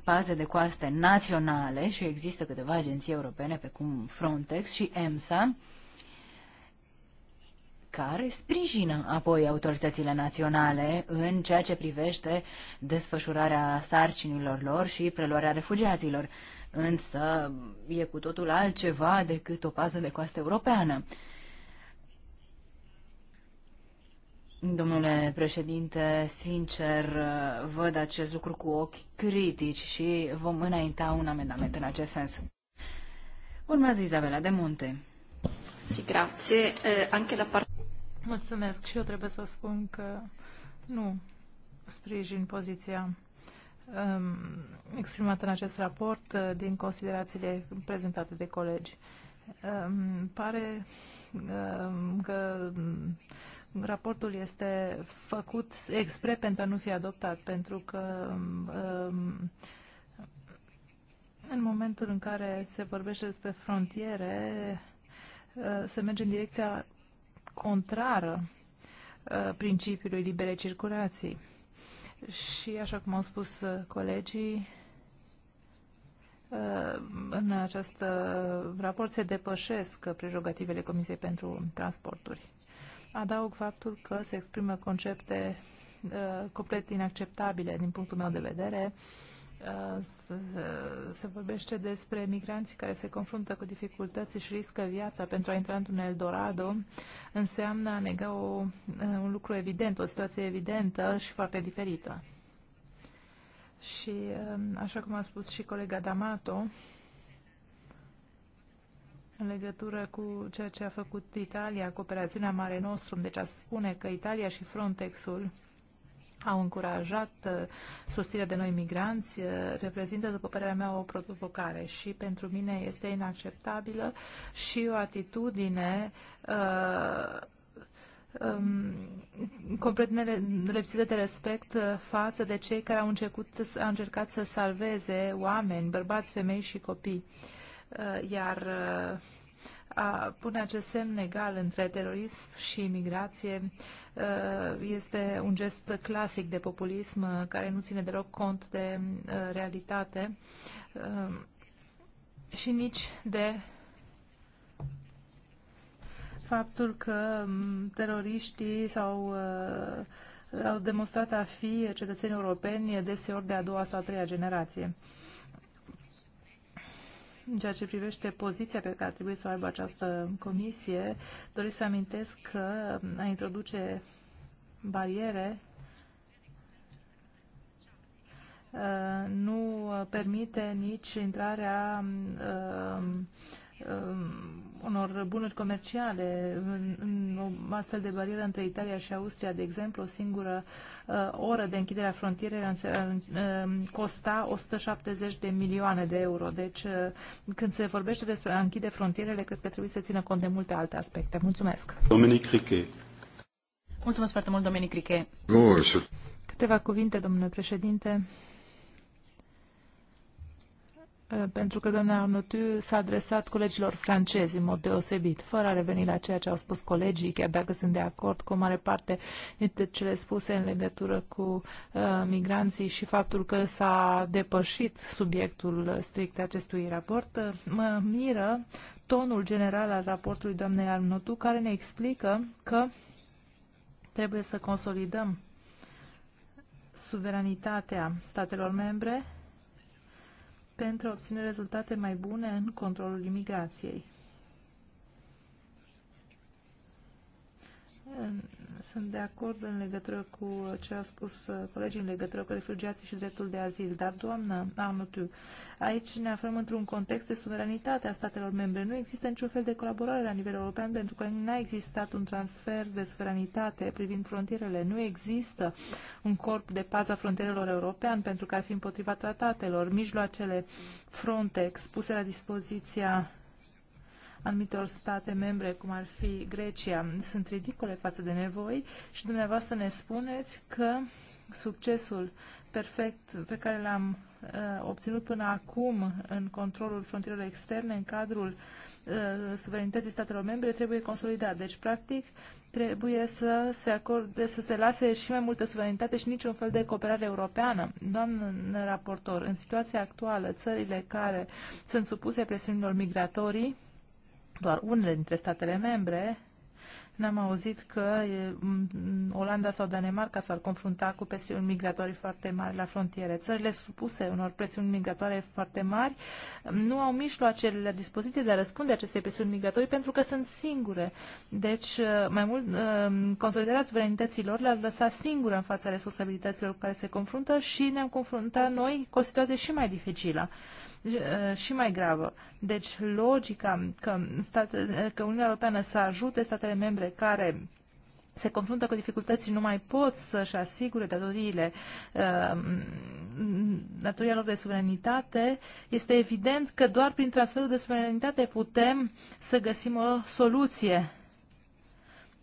paze de coaste naționale și există câteva agenții europene, pe cum Frontex și EMSA, care sprijină apoi autoritățile naționale în ceea ce privește desfășurarea sarcinilor lor și preluarea refugiaților. Însă e cu totul altceva decât o pază de coastă europeană. Domnule președinte, sincer, văd acest lucru cu ochi critici și vom înainta un amendament în acest sens. Urmează Izabela de Monte. Sì, grazie. Eh, anche da parte... Mulțumesc și eu trebuie să spun că nu sprijin poziția um, exprimată în acest raport uh, din considerațiile prezentate de colegi. Um, pare um, că raportul este făcut expre pentru a nu fi adoptat, pentru că um, în momentul în care se vorbește despre frontiere, uh, se merge în direcția contrară uh, principiului liberei circulații. Și, așa cum au spus uh, colegii, uh, în acest raport se depășesc prerogativele Comisiei pentru Transporturi. Adaug faptul că se exprimă concepte complet inacceptabile din punctul meu de vedere, uh, se vorbește despre migranții care se confruntă cu dificultăți și riscă viața pentru a intra într-un Eldorado, înseamnă a nega o, un lucru evident, o situație evidentă și foarte diferită. Și, um, așa cum a spus și colega D'Amato, în legătură cu ceea ce a făcut Italia cu operațiunea Mare Nostrum, deci a spune că Italia și Frontexul au încurajat uh, susținerea de noi migranți uh, reprezintă, după părerea mea, o provocare și pentru mine este inacceptabilă și o atitudine uh, um, complet lipsită de respect față de cei care au, început, să încercat să salveze oameni, bărbați, femei și copii. iar a pune acest semn egal între terorism și imigrație uh, este un gest clasic de populism uh, care nu ține deloc cont de uh, realitate și nici de faptul că mm, teroriștii sau au demonstrat a fi cetățeni europeni deseori de a doua sau a treia generație. În ceea ce privește poziția pe care trebuie să o aibă această comisie, doresc să amintesc că a introduce bariere uh, nu permite nici intrarea uh, Um, unor bunuri comerciale, în, în o astfel de barieră între Italia și Austria, de exemplu, o singură uh, oră de închidere a frontierei uh, um, costa 170 de milioane de euro. Deci, uh, când se vorbește despre a închide frontierele, cred că trebuie să țină cont de multe alte aspecte. Mulțumesc! Dominic Riche. Mulțumesc foarte mult, Dominic Riche. Câteva cuvinte, domnule președinte. Eh, pentru că doamna Arnotu s-a adresat colegilor francezi în mod deosebit, fără a reveni la ceea ce au spus colegii, chiar dacă sunt de acord cu o mare parte dintre cele spuse în legătură cu uh, migranții și faptul că s-a depășit subiectul strict acestui raport. Eh, mă miră tonul general al raportului doamnei Arnotu, care ne explică că trebuie să consolidăm suveranitatea statelor membre pentru a obține rezultate mai bune în controlul imigrației. Ehm, sunt de acord în legătură cu ce au spus uh, colegii în legătură cu refugiații și dreptul de azil, dar, doamnă Arnutu, aici ne aflăm într-un context de suveranitate a statelor membre. Nu există niciun fel de colaborare la nivel european pentru că nu a existat un transfer de suveranitate privind frontierele. Nu există un corp de pază a frontierelor european pentru că ar fi împotriva tratatelor. Mijloacele Frontex puse la dispoziția anumitor state membre, cum ar fi Grecia, sunt ridicole față de nevoi și dumneavoastră ne spuneți că succesul perfect pe care l-am uh, obținut până acum în controlul frontierelor externe, în cadrul uh, suverenității statelor membre, trebuie consolidat. Deci, practic, trebuie să se acorde, să se lase și mai multă suverenitate și niciun fel de cooperare europeană. Doamnă raportor, în situația actuală, țările care sunt supuse presiunilor migratorii doar unele dintre statele membre, n-am auzit că Olanda sau Danemarca s-ar confrunta cu presiuni migratorii foarte mari la frontiere. Țările supuse unor presiuni migratoare foarte mari nu au mijloacele la dispoziție de a răspunde aceste presiuni migratorii pentru că sunt singure. Deci, uh, mai mult, uh, consolidarea suverenității lor le-ar lăsa singură în fața responsabilităților cu care se confruntă și ne-am confruntat noi cu o situație și mai dificilă. Uh, și mai gravă. Deci logica că, state, că Uniunea Europeană să ajute statele membre care se confruntă cu dificultăți și nu mai pot să-și asigure datoriile, uh, datoria lor de suveranitate, este evident că doar prin transferul de suverenitate putem să găsim o soluție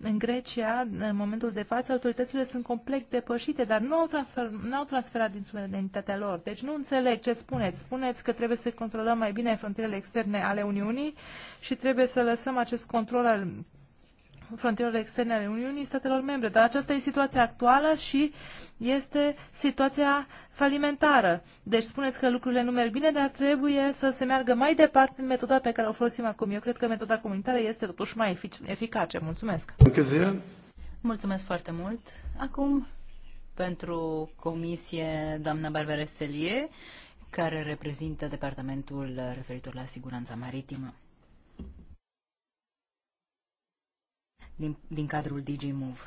în Grecia, în momentul de față, autoritățile sunt complet depășite, dar nu au, transfer, nu au transferat din suverenitatea lor. Deci nu înțeleg ce spuneți. Spuneți că trebuie să controlăm mai bine frontierele externe ale Uniunii și trebuie să lăsăm acest control al Frontierele externe ale Uniunii statelor membre. Dar aceasta e situația actuală și este situația falimentară. Deci spuneți că lucrurile nu merg bine, dar trebuie să se meargă mai departe în metoda pe care o folosim acum. Eu cred că metoda comunitară este totuși mai efic- eficace. Mulțumesc! Mulțumesc foarte mult! Acum, pentru comisie, doamna Barbara Selie, care reprezintă departamentul referitor la siguranța maritimă. din, din cadrul DigiMove.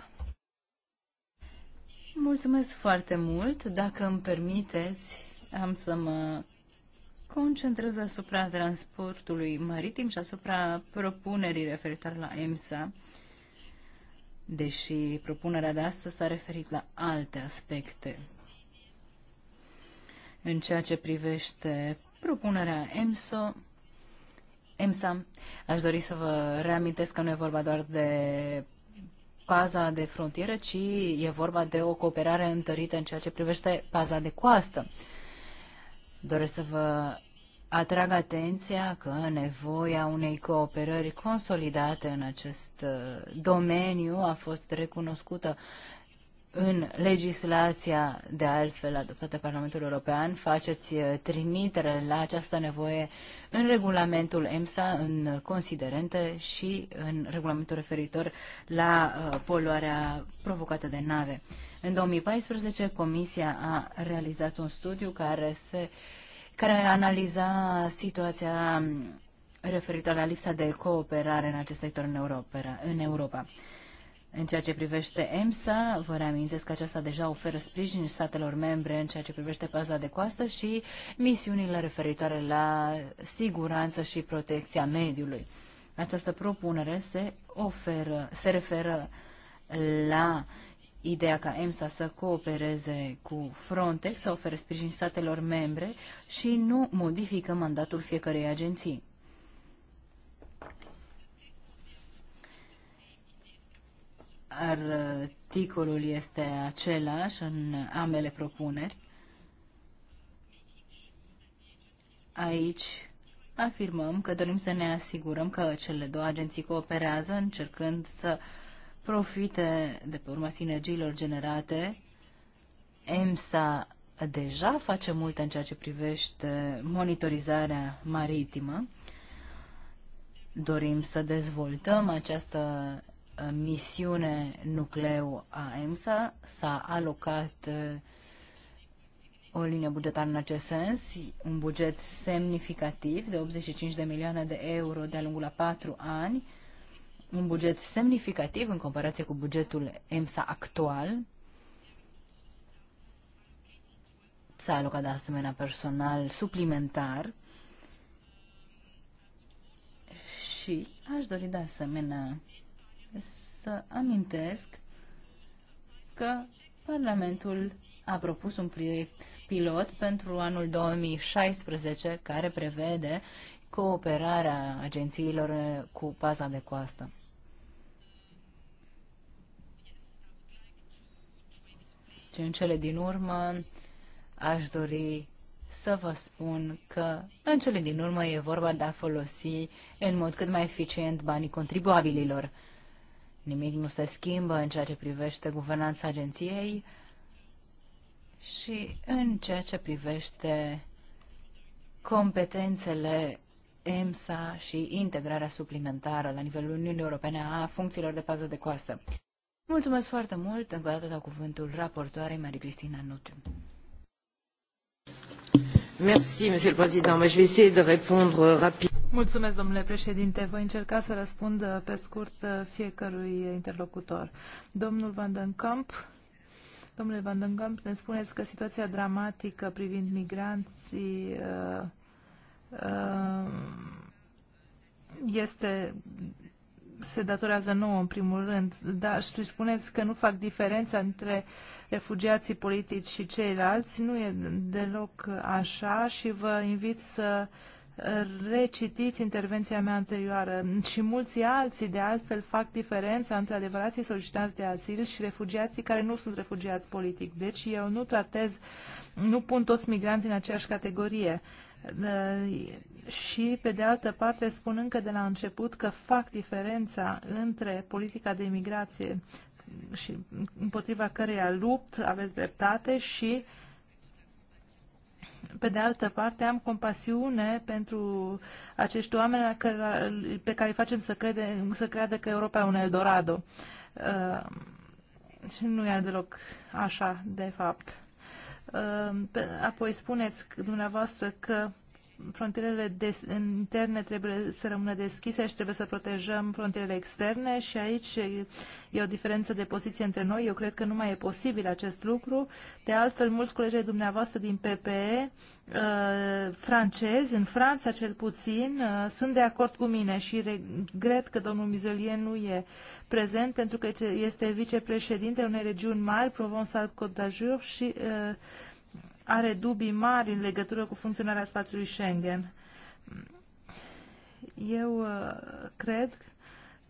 Mulțumesc foarte mult. Dacă îmi permiteți, am să mă concentrez asupra transportului maritim și asupra propunerii referitoare la EMSA, deși propunerea de astăzi s-a referit la alte aspecte. În ceea ce privește propunerea EMSO, EMSA. Aș dori să vă reamintesc că nu e vorba doar de paza de frontieră, ci e vorba de o cooperare întărită în ceea ce privește paza de coastă. Doresc să vă atrag atenția că nevoia unei cooperări consolidate în acest uh, domeniu a fost recunoscută în legislația de altfel adoptată Parlamentul European faceți uh, trimitere la această nevoie în regulamentul EMSA, în considerente și în regulamentul referitor la uh, poluarea provocată de nave. În 2014, Comisia a realizat un studiu care, se, care analiza situația referitoare la lipsa de cooperare în acest sector în Europa. În Europa. În ceea ce privește EMSA, vă reamintesc că aceasta deja oferă sprijin statelor membre în ceea ce privește paza de coastă și misiunile referitoare la siguranță și protecția mediului. Această propunere se, oferă, se referă la ideea ca EMSA să coopereze cu Frontex, să ofere sprijin statelor membre și nu modifică mandatul fiecărei agenții. articolul este același în ambele propuneri. Aici afirmăm că dorim să ne asigurăm că cele două agenții cooperează încercând să profite de pe urma sinergiilor generate. EMSA deja face multe în ceea ce privește monitorizarea maritimă. Dorim să dezvoltăm această misiune nucleu a EMSA. S-a alocat uh, o linie bugetară în acest sens, un buget semnificativ de 85 de milioane de euro de-a lungul a patru ani, un buget semnificativ în comparație cu bugetul EMSA actual. S-a alocat de asemenea personal suplimentar și aș dori de asemenea să amintesc că Parlamentul a propus un proiect pilot pentru anul 2016 care prevede cooperarea agențiilor cu paza de coastă. Și în cele din urmă aș dori să vă spun că în cele din urmă e vorba de a folosi în mod cât mai eficient banii contribuabililor nimic nu se schimbă în ceea ce privește guvernanța agenției și în ceea ce privește competențele EMSA și integrarea suplimentară la nivelul Uniunii Europene a funcțiilor de pază de coastă. Mulțumesc foarte mult. Încă o dată dau cuvântul raportoarei Marie Cristina Nutu. Merci, Monsieur le Président. Mais je vais essayer de répondre rapid. Mulțumesc, domnule președinte. Voi încerca să răspund uh, pe scurt uh, fiecărui interlocutor. Domnul Van den Kamp, domnule Van den Kamp, ne spuneți că situația dramatică privind migranții uh, este se datorează nouă, în primul rând, dar și spuneți că nu fac diferența între refugiații politici și ceilalți. Nu e deloc așa și vă invit să uh, recitiți intervenția mea anterioară și mulți alții de altfel fac diferența între adevărații solicitanți de azil și refugiații care nu sunt refugiați politic. Deci eu nu tratez, nu pun toți migranții în aceeași categorie. Și, pe de altă parte, spun încă de la început că fac diferența între politica de imigrație și împotriva căreia lupt, aveți dreptate, și uh, pe de altă parte, am compasiune pentru acești oameni pe care îi facem să, crede, să creadă că Europa e un Eldorado. Uh, și nu e deloc așa, de fapt. Uh, apoi spuneți dumneavoastră că frontierele interne trebuie să rămână deschise și trebuie să protejăm frontierele externe și aici e o diferență de poziție între noi. Eu cred că nu mai e posibil acest lucru. De altfel, mulți colegi ai dumneavoastră din PPE, uh, francezi, în Franța cel puțin, uh, sunt de acord cu mine și regret că domnul Mizolie nu e prezent pentru că este vicepreședinte unei regiuni mari, Provence-Alpes-Côte d'Azur și uh, are dubii mari în legătură cu funcționarea spațiului Schengen. Eu uh, cred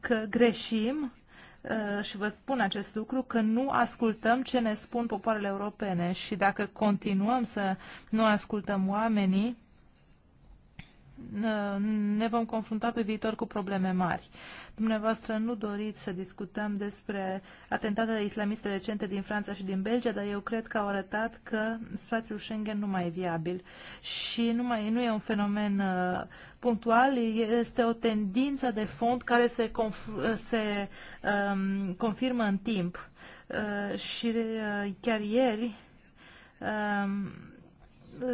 că greșim uh, și vă spun acest lucru, că nu ascultăm ce ne spun popoarele europene și dacă continuăm să nu ascultăm oamenii, ne vom confrunta pe viitor cu probleme mari. Dumneavoastră nu doriți să discutăm despre atentatele islamiste recente din Franța și din Belgia, dar eu cred că au arătat că spațiul Schengen nu mai e viabil și nu, mai, nu e un fenomen uh, punctual, este o tendință de fond care se, conf- uh, se um, confirmă în timp. Uh, și uh, chiar ieri um,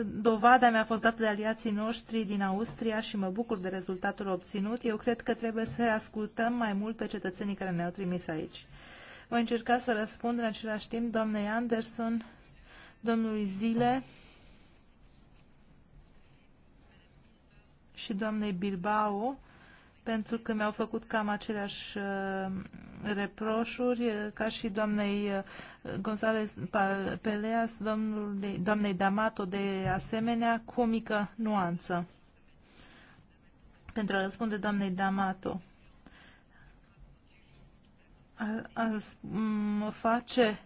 Dovada mi-a fost dată de aliații noștri din Austria și mă bucur de rezultatul obținut. Eu cred că trebuie să ascultăm mai mult pe cetățenii care ne-au trimis aici. Voi încerca să răspund în același timp doamnei Anderson, domnului Zile și doamnei Bilbao pentru că mi-au făcut cam aceleași uh, reproșuri uh, ca și doamnei uh, González Peleas, domnului, doamnei Damato de asemenea, cu o mică nuanță. Pentru a răspunde doamnei Damato, a, mă face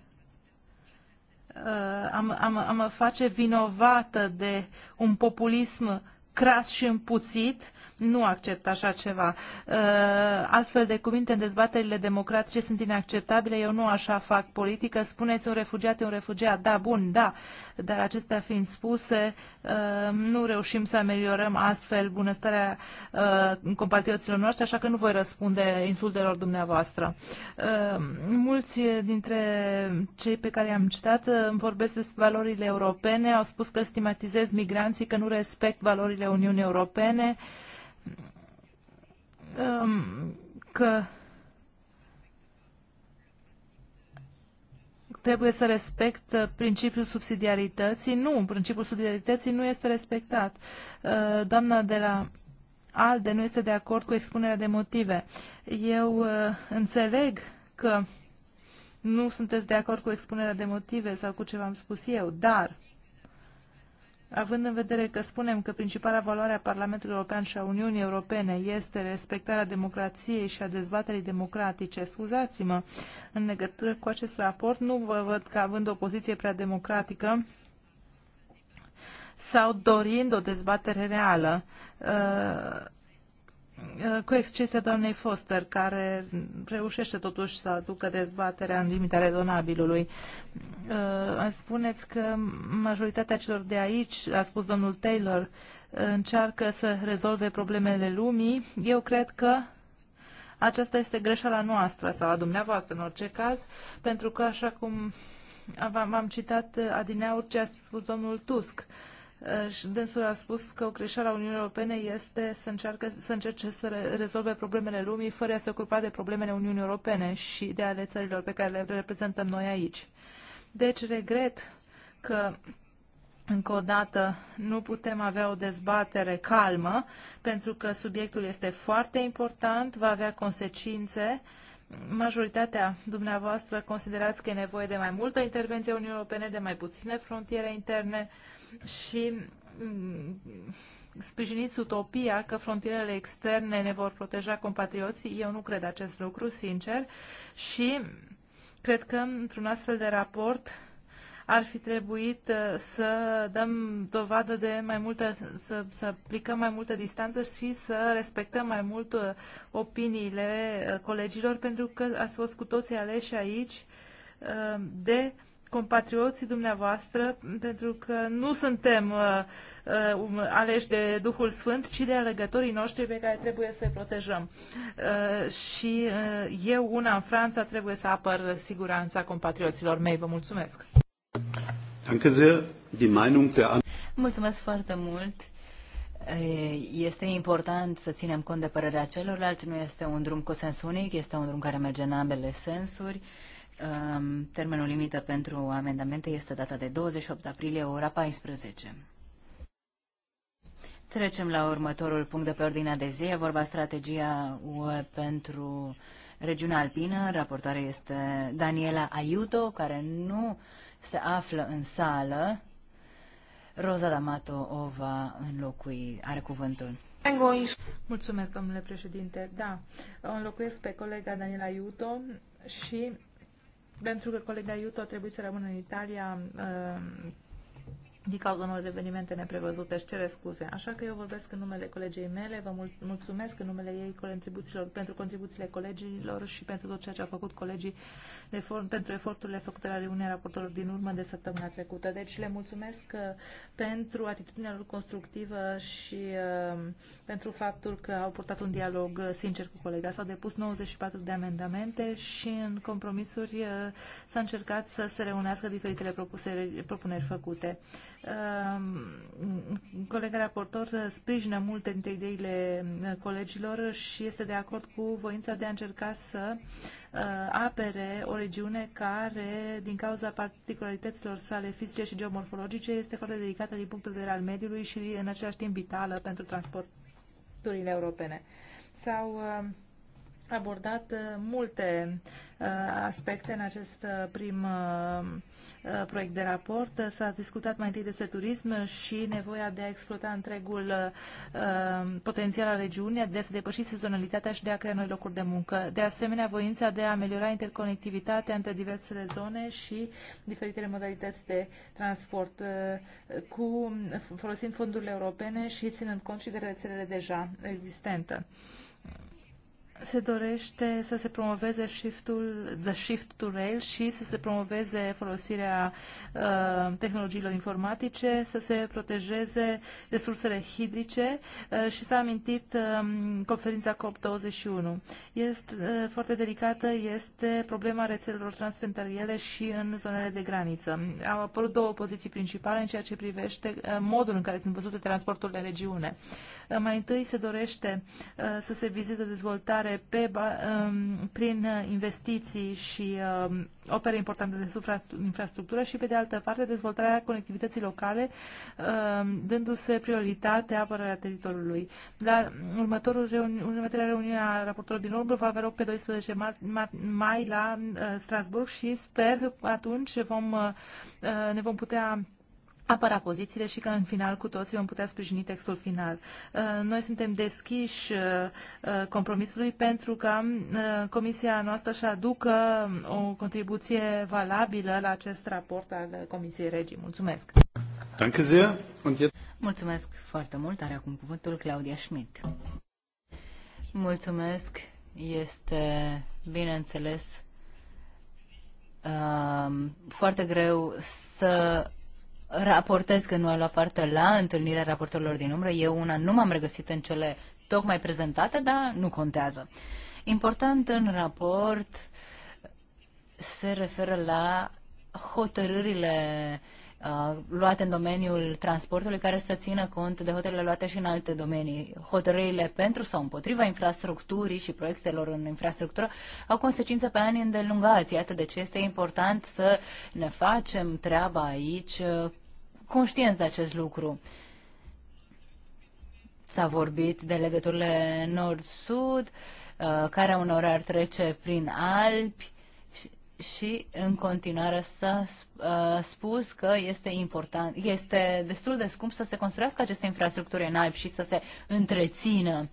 am, am, am face vinovată de un populism cras și împuțit nu accept așa ceva. Ă, astfel de cuvinte în dezbaterile democratice sunt inacceptabile. Eu nu așa fac politică. Spuneți un refugiat e un refugiat. Da, bun, da. Dar acestea fiind spuse, ă, nu reușim să ameliorăm astfel bunăstarea ă, compatrioților noștri, așa că nu voi răspunde insultelor dumneavoastră. Mulți dintre cei pe care i-am citat vorbesc despre valorile europene, au spus că stigmatizez migranții, că nu respect valorile Uniunii Europene. Uh, Um, că trebuie să respect uh, principiul subsidiarității. Nu, principiul subsidiarității nu este respectat. Uh, doamna de la ALDE nu este de acord cu expunerea de motive. Eu uh, înțeleg că nu sunteți de acord cu expunerea de motive sau cu ce v-am spus eu, dar Având în vedere că spunem că principala valoare a Parlamentului European și a Uniunii Europene este respectarea democrației și a dezbaterii democratice, scuzați-mă, în legătură cu acest raport nu vă văd că având o poziție prea democratică sau dorind o dezbatere reală. Uh, Eh, cu excepția doamnei Foster, care reușește totuși să aducă dezbaterea în limita donabilului. Eh, spuneți că majoritatea celor de aici, a spus domnul Taylor, eh, încearcă să rezolve problemele lumii. Eu cred că aceasta este greșeala noastră sau a dumneavoastră în orice caz, pentru că așa cum v-am citat adineauri ce a spus domnul Tusk, uh, Eh, dânsul a spus că o creșare a Uniunii Europene este să, încearcă, să încerce să re rezolve problemele lumii fără a se ocupa de problemele Uniunii Europene și de ale țărilor pe care le reprezentăm noi aici. Deci regret că încă o dată nu putem avea o dezbatere calmă pentru că subiectul este foarte important, va avea consecințe majoritatea dumneavoastră considerați că e nevoie de mai multă intervenție a Uniunii Europene, de mai puține frontiere interne și mm, sprijiniți utopia că frontierele externe ne vor proteja compatrioții. Eu nu cred acest lucru, sincer, și cred că într-un astfel de raport ar fi trebuit uh, să dăm dovadă de mai multă, să, să aplicăm mai multă distanță și să respectăm mai mult uh, opiniile uh, colegilor, pentru că ați fost cu toții aleși aici de compatrioții dumneavoastră, pentru că nu suntem uh, um, aleși de Duhul Sfânt, ci de alegătorii noștri pe care trebuie să-i protejăm. Uh, și uh, eu, una în Franța, trebuie să apăr siguranța compatrioților mei. Vă mulțumesc! Mulțumesc foarte mult! Este important să ținem cont de părerea celorlalți, nu este un drum cu sens unic, este un drum care merge în ambele sensuri. Ehm, termenul limită pentru amendamente este data de 28 aprilie, ora 14. Trecem la următorul punct de pe ordinea de zi, e vorba strategia UE pentru regiunea alpină. Raportoare este Daniela Aiuto, care nu se află în sală. Roza D'Amato o va înlocui, are cuvântul. Mulțumesc, domnule președinte. Da, înlocuiesc pe colega Daniela Iuto și pentru că colega Iuto a trebuit să rămână în Italia uh, din cauza unor evenimente neprevăzute, își cere scuze. Așa că eu vorbesc în numele colegei mele, vă mulțumesc în numele ei contribuțiilor, pentru contribuțiile colegilor și pentru tot ceea ce au făcut colegii de pentru eforturile făcute la reuniunea raportorilor din urmă de săptămâna trecută. Deci le mulțumesc uh, pentru atitudinea lor constructivă și uh, pentru faptul că au purtat un dialog uh, sincer cu colega. S-au depus 94 de amendamente și în compromisuri uh, s-a încercat să se reunească diferitele propuse, propuneri făcute. Ehm, colega raportor sprijină multe dintre ideile eh, colegilor și este de acord cu voința de a încerca să eh, apere o regiune care, din cauza particularităților sale fizice și geomorfologice, este foarte delicată din punctul de vedere al mediului și, în același timp, vitală pentru transporturile europene. Sau uh, abordat uh, multe uh, aspecte în acest uh, prim proiect de raport. S-a discutat mai întâi despre turism și nevoia de a exploata întregul potențial al regiunii, de a se depăși sezonalitatea și de a crea noi locuri de muncă. De asemenea, voința de a ameliora interconectivitatea între diversele zone și diferitele modalități de transport, cu, folosind fondurile europene și ținând cont și de rețelele deja existente se dorește să se promoveze shiftul, the shift to rail și să se promoveze folosirea uh, tehnologiilor informatice, să se protejeze resursele hidrice uh, și s-a amintit uh, conferința COP21. Este uh, foarte delicată, este problema rețelelor transfrontaliere și în zonele de graniță. Au apărut două poziții principale în ceea ce privește uh, modul în care sunt văzute transporturile regiune. Uh, mai întâi se dorește uh, să se vizite dezvoltare dezvoltare pe, um, prin investiții și um, opere importante de infrastructură și, pe de altă parte, dezvoltarea conectivității locale, um, dându-se prioritate apărarea teritoriului. La următorul reuni- următoarea reuniune a raportorului din urmă va avea loc pe 12 mar- mar- mai la uh, Strasburg și sper atunci vom, uh, ne vom putea apăra pozițiile și că în final cu toții vom putea sprijini textul final. Uh, noi suntem deschiși uh, uh, compromisului pentru că comisia noastră și aducă um, o contribuție valabilă la acest raport al Comisiei Regii. Mulțumesc! Mulțumesc foarte mult. Are acum cuvântul Claudia Schmidt. Mulțumesc. Este, bineînțeles, um, foarte greu să raportez că nu am luat parte la întâlnirea raportorilor din umbră. Eu una nu m-am regăsit în cele tocmai prezentate, dar nu contează. Important în raport se referă la hotărârile uh, luate în domeniul transportului care să țină cont de hotările luate și în alte domenii. Hotărârile pentru sau împotriva infrastructurii și proiectelor în infrastructură au consecințe pe ani îndelungați. Iată de ce este important să ne facem treaba aici uh, conștienți de acest lucru. S-a vorbit de legăturile nord-sud, uh, care un ar trece prin Alpi și în continuare s-a uh, spus că este important, este destul de scump să se construiască aceste infrastructuri în Alpi și să se întrețină.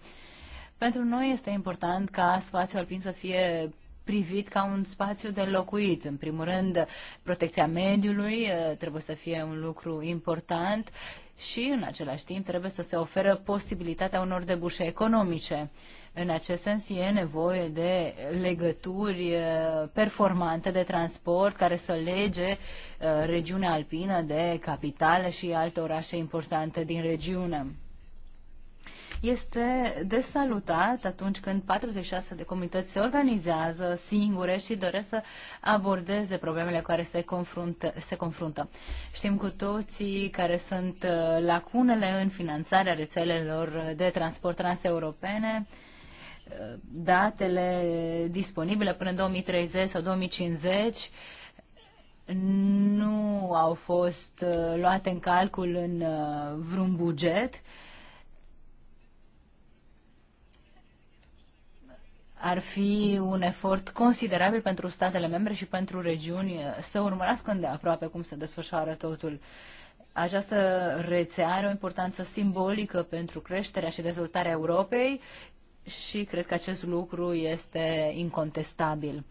Pentru noi este important ca spațiul alpin să fie privit ca un spațiu de locuit. În primul rând, protecția mediului uh, trebuie să fie un lucru important și, în același timp, trebuie să se oferă posibilitatea unor debușe economice. În acest sens e nevoie de legături uh, performante de transport care să lege uh, regiunea alpină de capitale și alte orașe importante din regiune este de salutat atunci când 46 de comunități se organizează singure și doresc să abordeze problemele care se confruntă. Se confruntă. Știm cu toții care sunt uh, lacunele în finanțarea rețelelor de transport transeuropene uh, datele disponibile până în 2030 sau 2050 nu au fost uh, luate în calcul în vreun buget ar fi un efort considerabil pentru statele membre și pentru regiuni uh, să urmărească îndeaproape cum se desfășoară totul. Această rețea are o importanță simbolică pentru creșterea și dezvoltarea Europei și cred că acest lucru este incontestabil.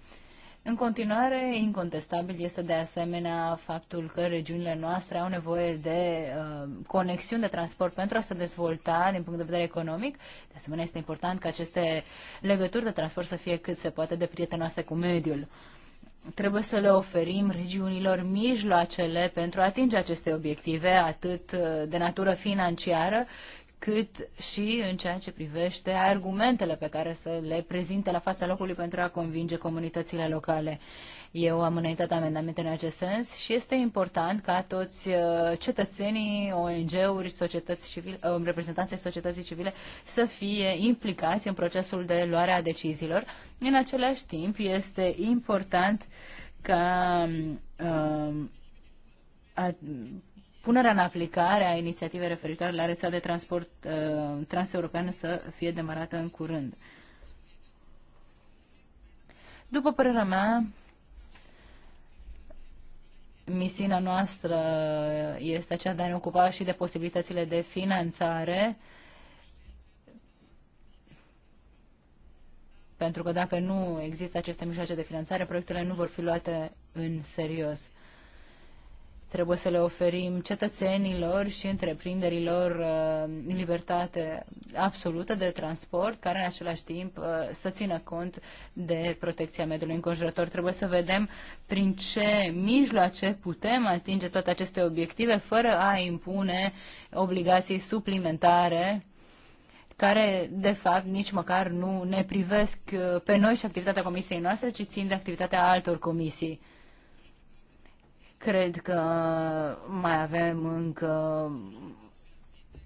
În continuare, incontestabil este de asemenea faptul că regiunile noastre au nevoie de uh, conexiuni de transport pentru a se dezvolta din punct de vedere economic. De asemenea, este important ca aceste legături de transport să fie cât se poate de prietenoase cu mediul. Trebuie să le oferim regiunilor mijloacele pentru a atinge aceste obiective, atât uh, de natură financiară, cât și în ceea ce privește argumentele pe care să le prezinte la fața locului pentru a convinge comunitățile locale. Eu am înaintat amendamente în acest sens și este important ca toți uh, cetățenii, ONG-uri, civile, uh, reprezentanții societății civile să fie implicați în procesul de luare a deciziilor. În același timp, este important ca uh, punerea în aplicare a inițiativei referitoare la rețeaua de transport uh, transeuropeană să fie demarată în curând. După părerea mea, misiunea noastră este aceea de a ne ocupa și de posibilitățile de finanțare, pentru că dacă nu există aceste mijloace de finanțare, proiectele nu vor fi luate în serios. Trebuie să le oferim cetățenilor și întreprinderilor uh, libertate absolută de transport, care în același timp uh, să țină cont de protecția mediului înconjurător. Trebuie să vedem prin ce mijloace putem atinge toate aceste obiective fără a impune obligații suplimentare care, de fapt, nici măcar nu ne privesc uh, pe noi și activitatea comisiei noastre, ci țin de activitatea altor comisii. Cred că mai avem încă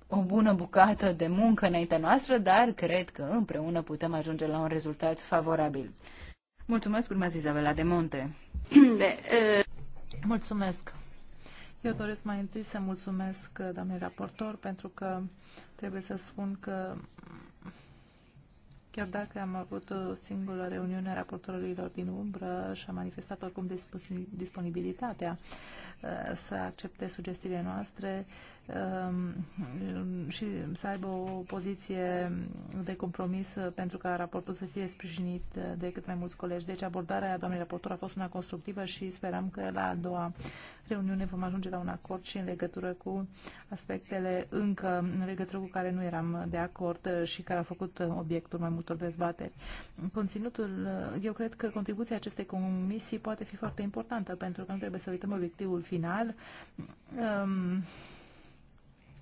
o bună bucată de muncă înaintea noastră, dar cred că împreună putem ajunge la un rezultat favorabil. Mulțumesc, urmează Izabela de Monte. Mulțumesc. Eu doresc mai întâi să mulțumesc, doamnei raportor, pentru că trebuie să spun că Chiar dacă am avut o singură reuniune a raportorilor din umbră și a manifestat oricum disponibilitatea uh, să accepte sugestiile noastre, Ehm, și să aibă o poziție de compromis eh, pentru ca raportul să fie sprijinit eh, de cât mai mulți colegi. Deci abordarea doamnei raportor a fost una constructivă și sperăm că la a doua reuniune vom ajunge la un acord și în legătură cu aspectele încă în legătură cu care nu eram de acord eh, și care au făcut obiectul mai multor dezbateri. Conținutul, eu cred că contribuția acestei comisii poate fi foarte importantă pentru că nu trebuie să uităm obiectivul final ehm,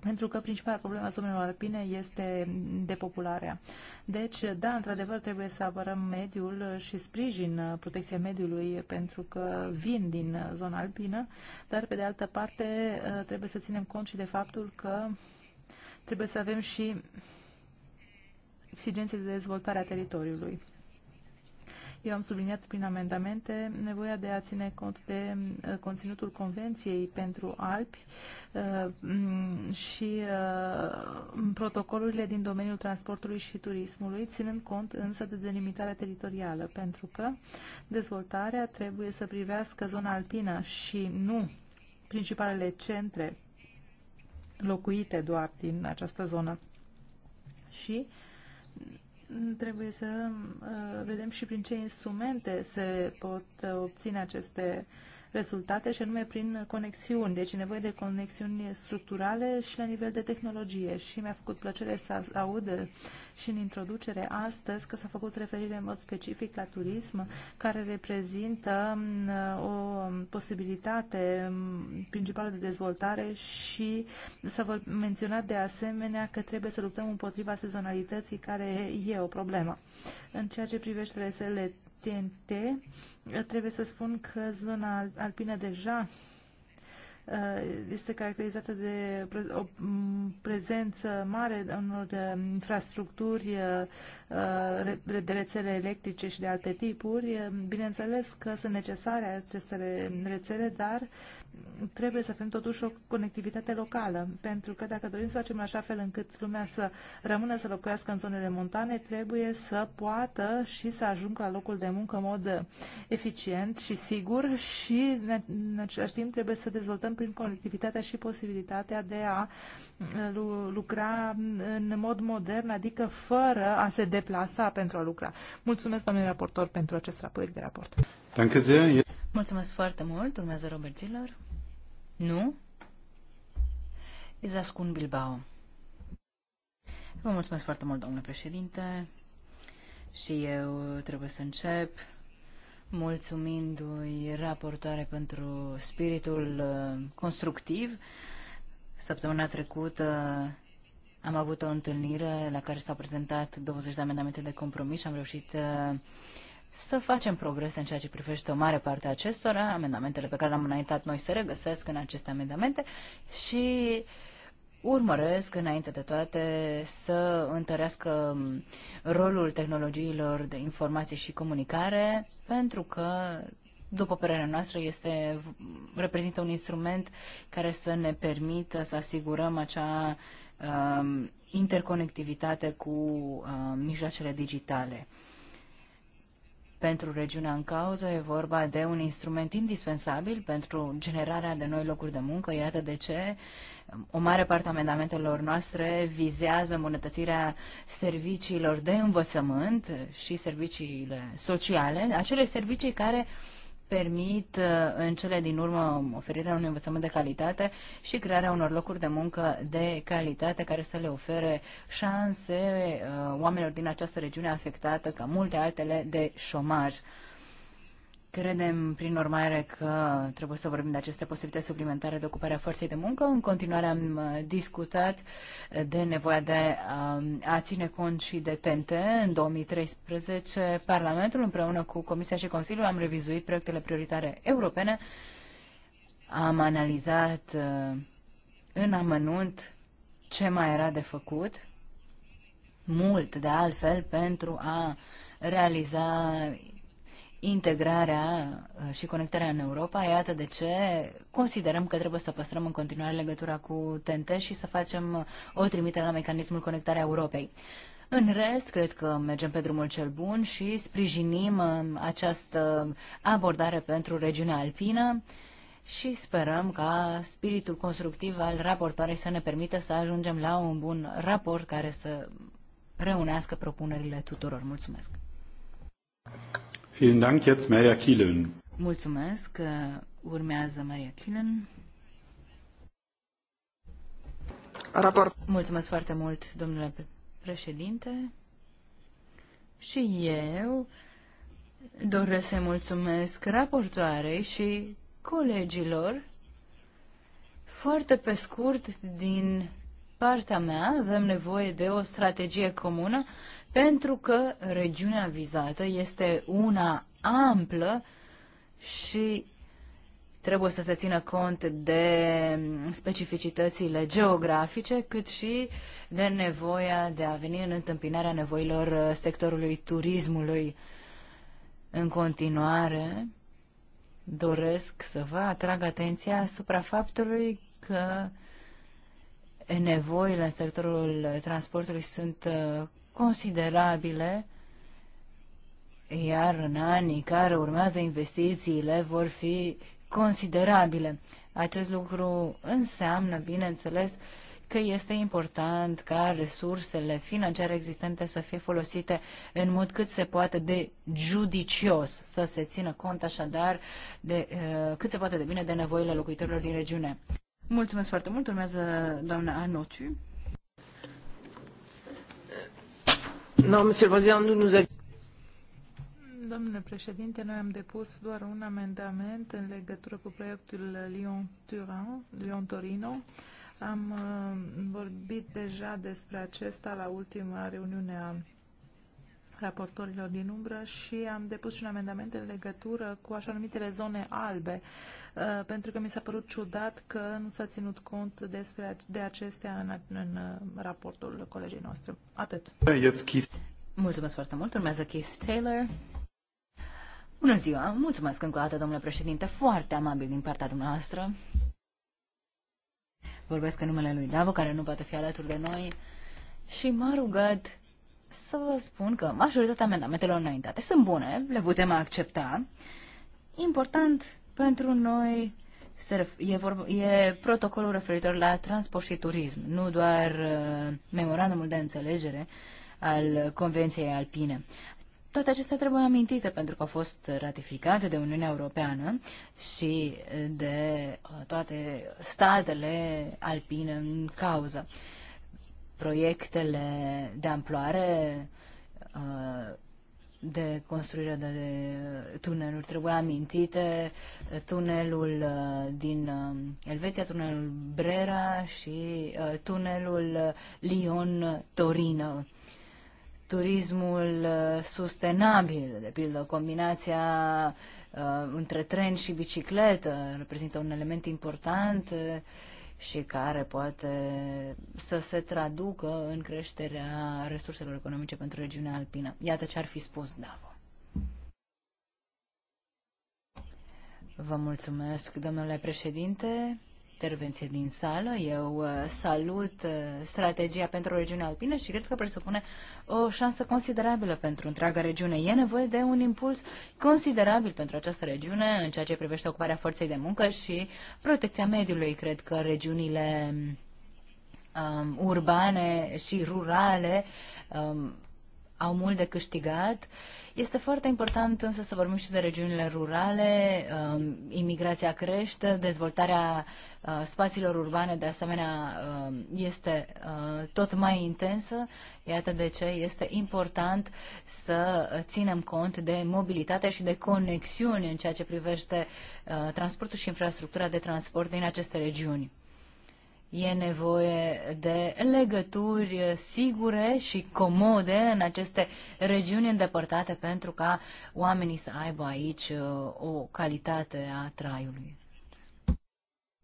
pentru că principala problemă a zonelor alpine este depopularea. Deci, da, într-adevăr, trebuie să apărăm mediul și sprijin protecția mediului pentru că vin din zona alpină, dar, pe de altă parte, trebuie să ținem cont și de faptul că trebuie să avem și exigențe de dezvoltare a teritoriului. Eu am subliniat prin amendamente nevoia de a ține cont de uh, conținutul Convenției pentru Alpi uh, și uh, protocolurile din domeniul transportului și turismului, ținând cont însă de delimitarea teritorială, pentru că dezvoltarea trebuie să privească zona alpină și nu principalele centre locuite doar din această zonă. Și trebuie să uh, vedem și prin ce instrumente se pot obține aceste rezultate și anume prin conexiuni. Deci e nevoie de conexiuni structurale și la nivel de tehnologie. Și mi-a făcut plăcere să aud și în introducere astăzi că s-a făcut referire în mod specific la turism, care reprezintă mm, o posibilitate mm, principală de dezvoltare și s-a menționat de asemenea că trebuie să luptăm împotriva sezonalității care e o problemă. În ceea ce privește rețelele TNT, trebuie să spun că zona alpină deja uh, este caracterizată de o prezență mare în unor uh, infrastructuri uh, de rețele electrice și de alte tipuri. Bineînțeles că sunt necesare aceste rețele, dar trebuie să avem totuși o conectivitate locală, pentru că dacă dorim să facem așa fel încât lumea să rămână să locuiască în zonele montane, trebuie să poată și să ajungă la locul de muncă în mod eficient și sigur și în același timp trebuie să dezvoltăm prin conectivitatea și posibilitatea de a lucra în mod modern, adică fără a se deplasa pentru a lucra. Mulțumesc, domnule raportor, pentru acest proiect de raport. Mulțumesc foarte mult. Urmează Robert Ziller. Nu? Izascun Bilbao. Vă mulțumesc foarte mult, domnule președinte. Și eu trebuie să încep mulțumindu-i raportoare pentru spiritul uh, constructiv Săptămâna trecută am avut o întâlnire la care s-au prezentat 20 de amendamente de compromis și am reușit uh, să facem progrese în ceea ce privește o mare parte a acestora. Amendamentele pe care le-am înaintat noi să regăsesc în aceste amendamente și urmăresc, înainte de toate, să întărească um, rolul tehnologiilor de informație și comunicare, pentru că după părerea noastră, este, reprezintă un instrument care să ne permită să asigurăm acea uh, interconectivitate cu uh, mijloacele digitale. Pentru regiunea în cauză e vorba de un instrument indispensabil pentru generarea de noi locuri de muncă. Iată de ce um, o mare parte a amendamentelor noastre vizează îmbunătățirea serviciilor de învățământ și serviciile sociale, acele servicii care uh, permit uh, în cele din urmă oferirea unui învățământ de calitate și crearea unor locuri de muncă de calitate care să le ofere șanse uh, oamenilor din această regiune afectată, ca multe altele, de șomaj. Credem, prin urmare, că trebuie să vorbim de aceste posibilități suplimentare de ocupare a forței de muncă. În continuare am uh, discutat uh, de nevoia de um, a ține cont și de tente. În 2013, Parlamentul, împreună cu Comisia și Consiliul, am revizuit proiectele prioritare europene. Am analizat uh, în amănunt ce mai era de făcut, mult de altfel, pentru a realiza integrarea uh, și conectarea în Europa. Iată de ce considerăm că trebuie să păstrăm în continuare legătura cu TNT și să facem uh, o trimitere la mecanismul conectarea Europei. În rest, cred că mergem pe drumul cel bun și sprijinim uh, această abordare pentru regiunea alpină și sperăm ca spiritul constructiv al raportoarei să ne permită să ajungem la un bun raport care să reunească propunerile tuturor. Mulțumesc! Vielen Dank, jetzt Maria Kielen. Mulțumesc. Urmează Maria Kielen. Raport. Mulțumesc foarte mult, domnule președinte. Și eu doresc să mulțumesc raportoarei și colegilor. Foarte pe scurt, din partea mea, avem nevoie de o strategie comună pentru că regiunea vizată este una amplă și trebuie să se țină cont de specificitățile geografice, cât și de nevoia de a veni în întâmpinarea nevoilor sectorului turismului. În continuare, doresc să vă atrag atenția asupra faptului că nevoile în sectorul transportului sunt uh, considerabile, iar în anii care urmează investițiile vor fi considerabile. Acest lucru înseamnă, bineînțeles, că este important ca resursele financiare existente să fie folosite în mod cât se poate de judicios, să se țină cont așadar de, uh, cât se poate de bine de nevoile locuitorilor din regiune. Mulțumesc foarte mult. Urmează doamna Anotiu. Domnule președinte, noi am depus doar un amendament în legătură cu proiectul Lyon-Torino. turin lyon Am uh, vorbit deja despre acesta la ultima reuniune a raportorilor din umbră și am depus și un amendament în legătură cu așa numitele zone albe, uh, pentru că mi s-a părut ciudat că nu s-a ținut cont despre, de acestea în, în uh, raportul colegii noastre. Atât. Mulțumesc foarte mult. Urmează Keith Taylor. Bună ziua! Mulțumesc încă o dată, domnule președinte, foarte amabil din partea dumneavoastră. Vorbesc în numele lui Davo, care nu poate fi alături de noi, și m-a rugat să vă spun că majoritatea amendamentelor înaintate sunt bune, le putem accepta. Important pentru noi e, vorba, e protocolul referitor la transport și turism, nu doar uh, memorandumul de înțelegere al Convenției Alpine. Toate acestea trebuie amintite pentru că au fost ratificate de Uniunea Europeană și uh, de uh, toate statele alpine în cauză. Uh, proiectele de amploare uh, de construire de tuneluri trebuie amintite uh, tunelul uh, din Elveția, tunelul Brera și tunelul Lyon-Torină turismul sustenabil, de pildă combinația uh, între tren și bicicletă reprezintă un element important uh, și care poate să se traducă în creșterea resurselor economice pentru regiunea alpină. Iată ce ar fi spus Davo. Vă mulțumesc, domnule președinte intervenție din sală. Eu uh, salut uh, strategia pentru regiunea alpină și cred că presupune o șansă considerabilă pentru întreaga regiune. E nevoie de un impuls considerabil pentru această regiune în ceea ce privește ocuparea forței de muncă și protecția mediului. Cred că regiunile um, urbane și rurale um, au mult de câștigat. Uh, este foarte important însă să vorbim și de regiunile rurale, um, imigrația crește, dezvoltarea uh, spațiilor urbane de asemenea um, este uh, tot mai intensă. Iată de ce este important să ținem cont de mobilitate și de conexiuni în ceea ce privește uh, transportul și infrastructura de transport din aceste regiuni. E nevoie de legături sigure și comode în aceste regiuni îndepărtate pentru ca oamenii să aibă aici uh, o calitate a traiului.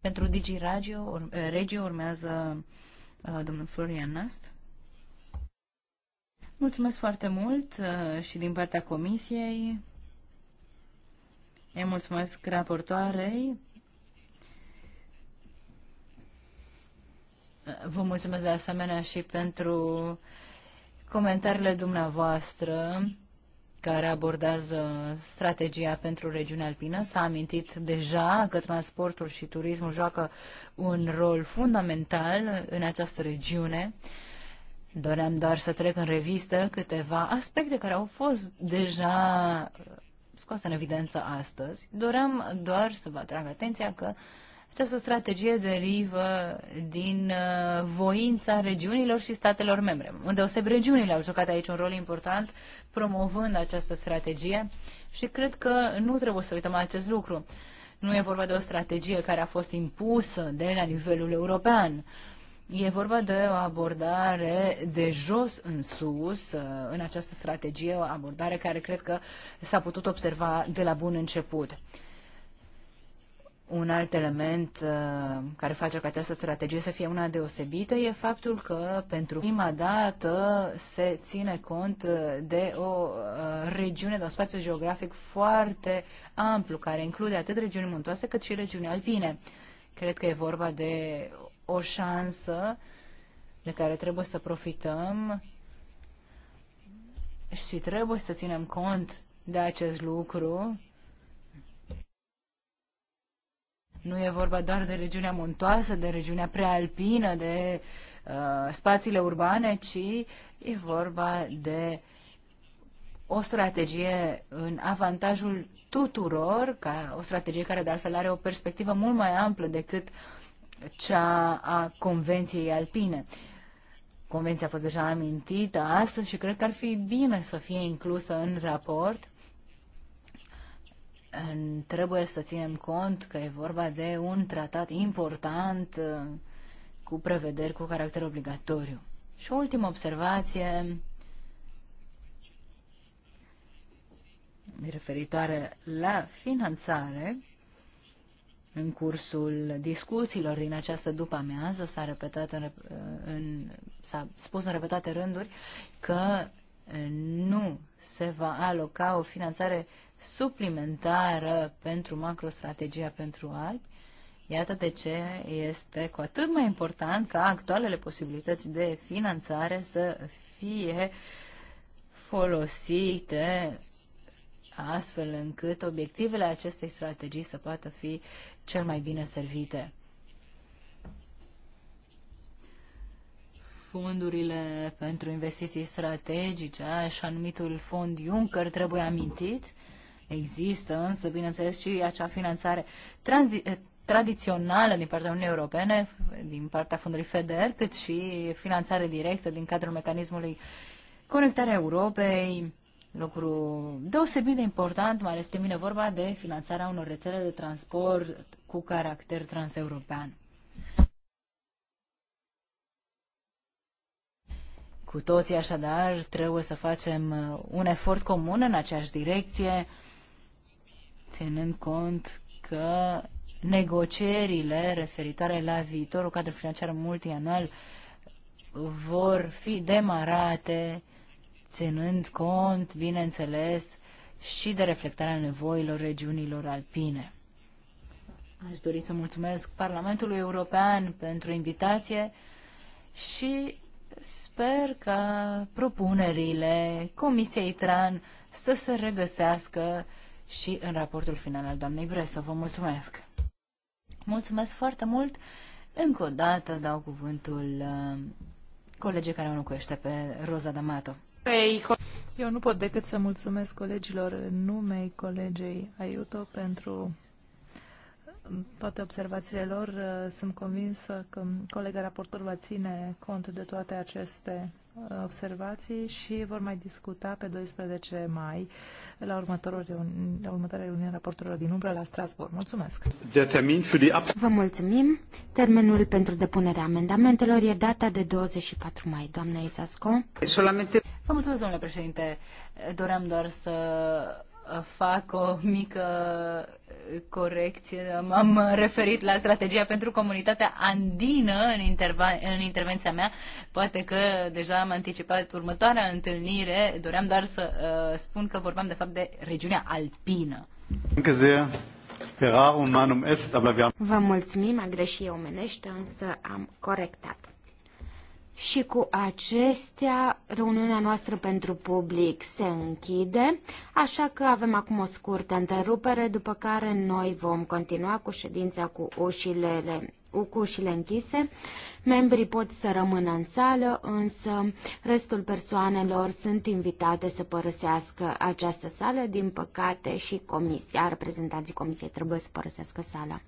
Pentru Digi Radio, uh, Regio urmează uh, domnul Florian Nast. Mulțumesc foarte mult și din partea comisiei. Îi mulțumesc raportoarei Vă mulțumesc de asemenea și pentru comentariile dumneavoastră care abordează strategia pentru regiunea alpină. S-a amintit deja că transportul și turismul joacă un rol fundamental în această regiune. Doream doar să trec în revistă câteva aspecte care au fost deja scoase în evidență astăzi. Doream doar să vă atrag atenția că uh, această strategie derivă din uh, voința regiunilor și statelor membre. o regiunile au jucat aici un rol important promovând această strategie și cred că nu trebuie să uităm acest lucru. Nu e vorba de o strategie care a fost impusă de la nivelul european. E vorba de o abordare de jos în sus uh, în această strategie, o abordare care cred că s-a putut observa de la bun început. Un alt element uh, care face ca această strategie să fie una deosebită e faptul că pentru prima dată se ține cont uh, de o uh, regiune, de un spațiu geografic foarte amplu, care include atât regiuni muntoase cât și regiuni alpine. Cred că e vorba de o șansă de care trebuie să profităm și trebuie să ținem cont de acest lucru Nu e vorba doar de regiunea montoasă, de regiunea prealpină, de uh, spațiile urbane, ci e vorba de o strategie în avantajul tuturor, ca o strategie care de altfel are o perspectivă mult mai amplă decât cea a Convenției Alpine. Convenția a fost deja amintită astăzi și cred că ar fi bine să fie inclusă în raport trebuie să ținem cont că e vorba de un tratat important uh, cu prevederi cu caracter obligatoriu. Și o ultimă observație referitoare la finanțare. În cursul discuțiilor din această după-amiază s-a repetat în, în, s-a spus în repetate rânduri că nu se va aloca o finanțare suplimentară pentru macrostrategia pentru albi. Iată de ce este cu atât mai important ca actualele posibilități de finanțare să fie folosite astfel încât obiectivele acestei strategii să poată fi cel mai bine servite. fondurile pentru investiții strategice, așa numitul fond Juncker, trebuie amintit. Există însă, bineînțeles, și acea finanțare tranzi- eh, tradițională din partea Uniunii Europene, din partea fondului FEDER, cât și finanțare directă din cadrul mecanismului Conectarea Europei, lucru deosebit de important, mai ales când vine vorba de finanțarea unor rețele de transport cu caracter transeuropean. Cu toții, așadar, trebuie să facem uh, un efort comun în aceeași direcție, ținând cont că negocierile referitoare la viitorul cadru financiar multianual vor fi demarate ținând cont, bineînțeles, și de reflectarea nevoilor regiunilor alpine. Aș dori să mulțumesc Parlamentului European pentru invitație și Sper ca propunerile Comisiei TRAN să se regăsească și în raportul final al doamnei Bresă. Vă mulțumesc! Mulțumesc foarte mult! Încă o dată dau cuvântul uh, colegii care o locuiește pe Roza D'Amato. Eu nu pot decât să mulțumesc colegilor în numei colegei Aiuto pentru toate observațiile lor. Uh, sunt convinsă că colega raportor va ține cont de toate aceste uh, observații și vor mai discuta pe 12 mai la, următorul reuni- la următoarea reuniune a raportorilor din umbră la Strasbourg. Mulțumesc! Vă mulțumim! Termenul pentru depunerea amendamentelor e data de 24 mai. Doamna Isasco? Solamente... Vă mulțumesc, domnule președinte! Doream doar să fac o mică corect, m-am referit la strategia pentru comunitatea andină în, interva- în intervenția mea. Poate că deja am anticipat următoarea întâlnire. Doream doar să uh, spun că vorbeam de fapt de regiunea alpină. Vă mulțumim, am greșit omenește, însă am corectat. Și cu acestea, reuniunea noastră pentru public se închide, așa că avem acum o scurtă întrerupere, după care noi vom continua cu ședința cu ușile, cu ușile închise. Membrii pot să rămână în sală, însă restul persoanelor sunt invitate să părăsească această sală. Din păcate și comisia, reprezentanții comisiei trebuie să părăsească sala.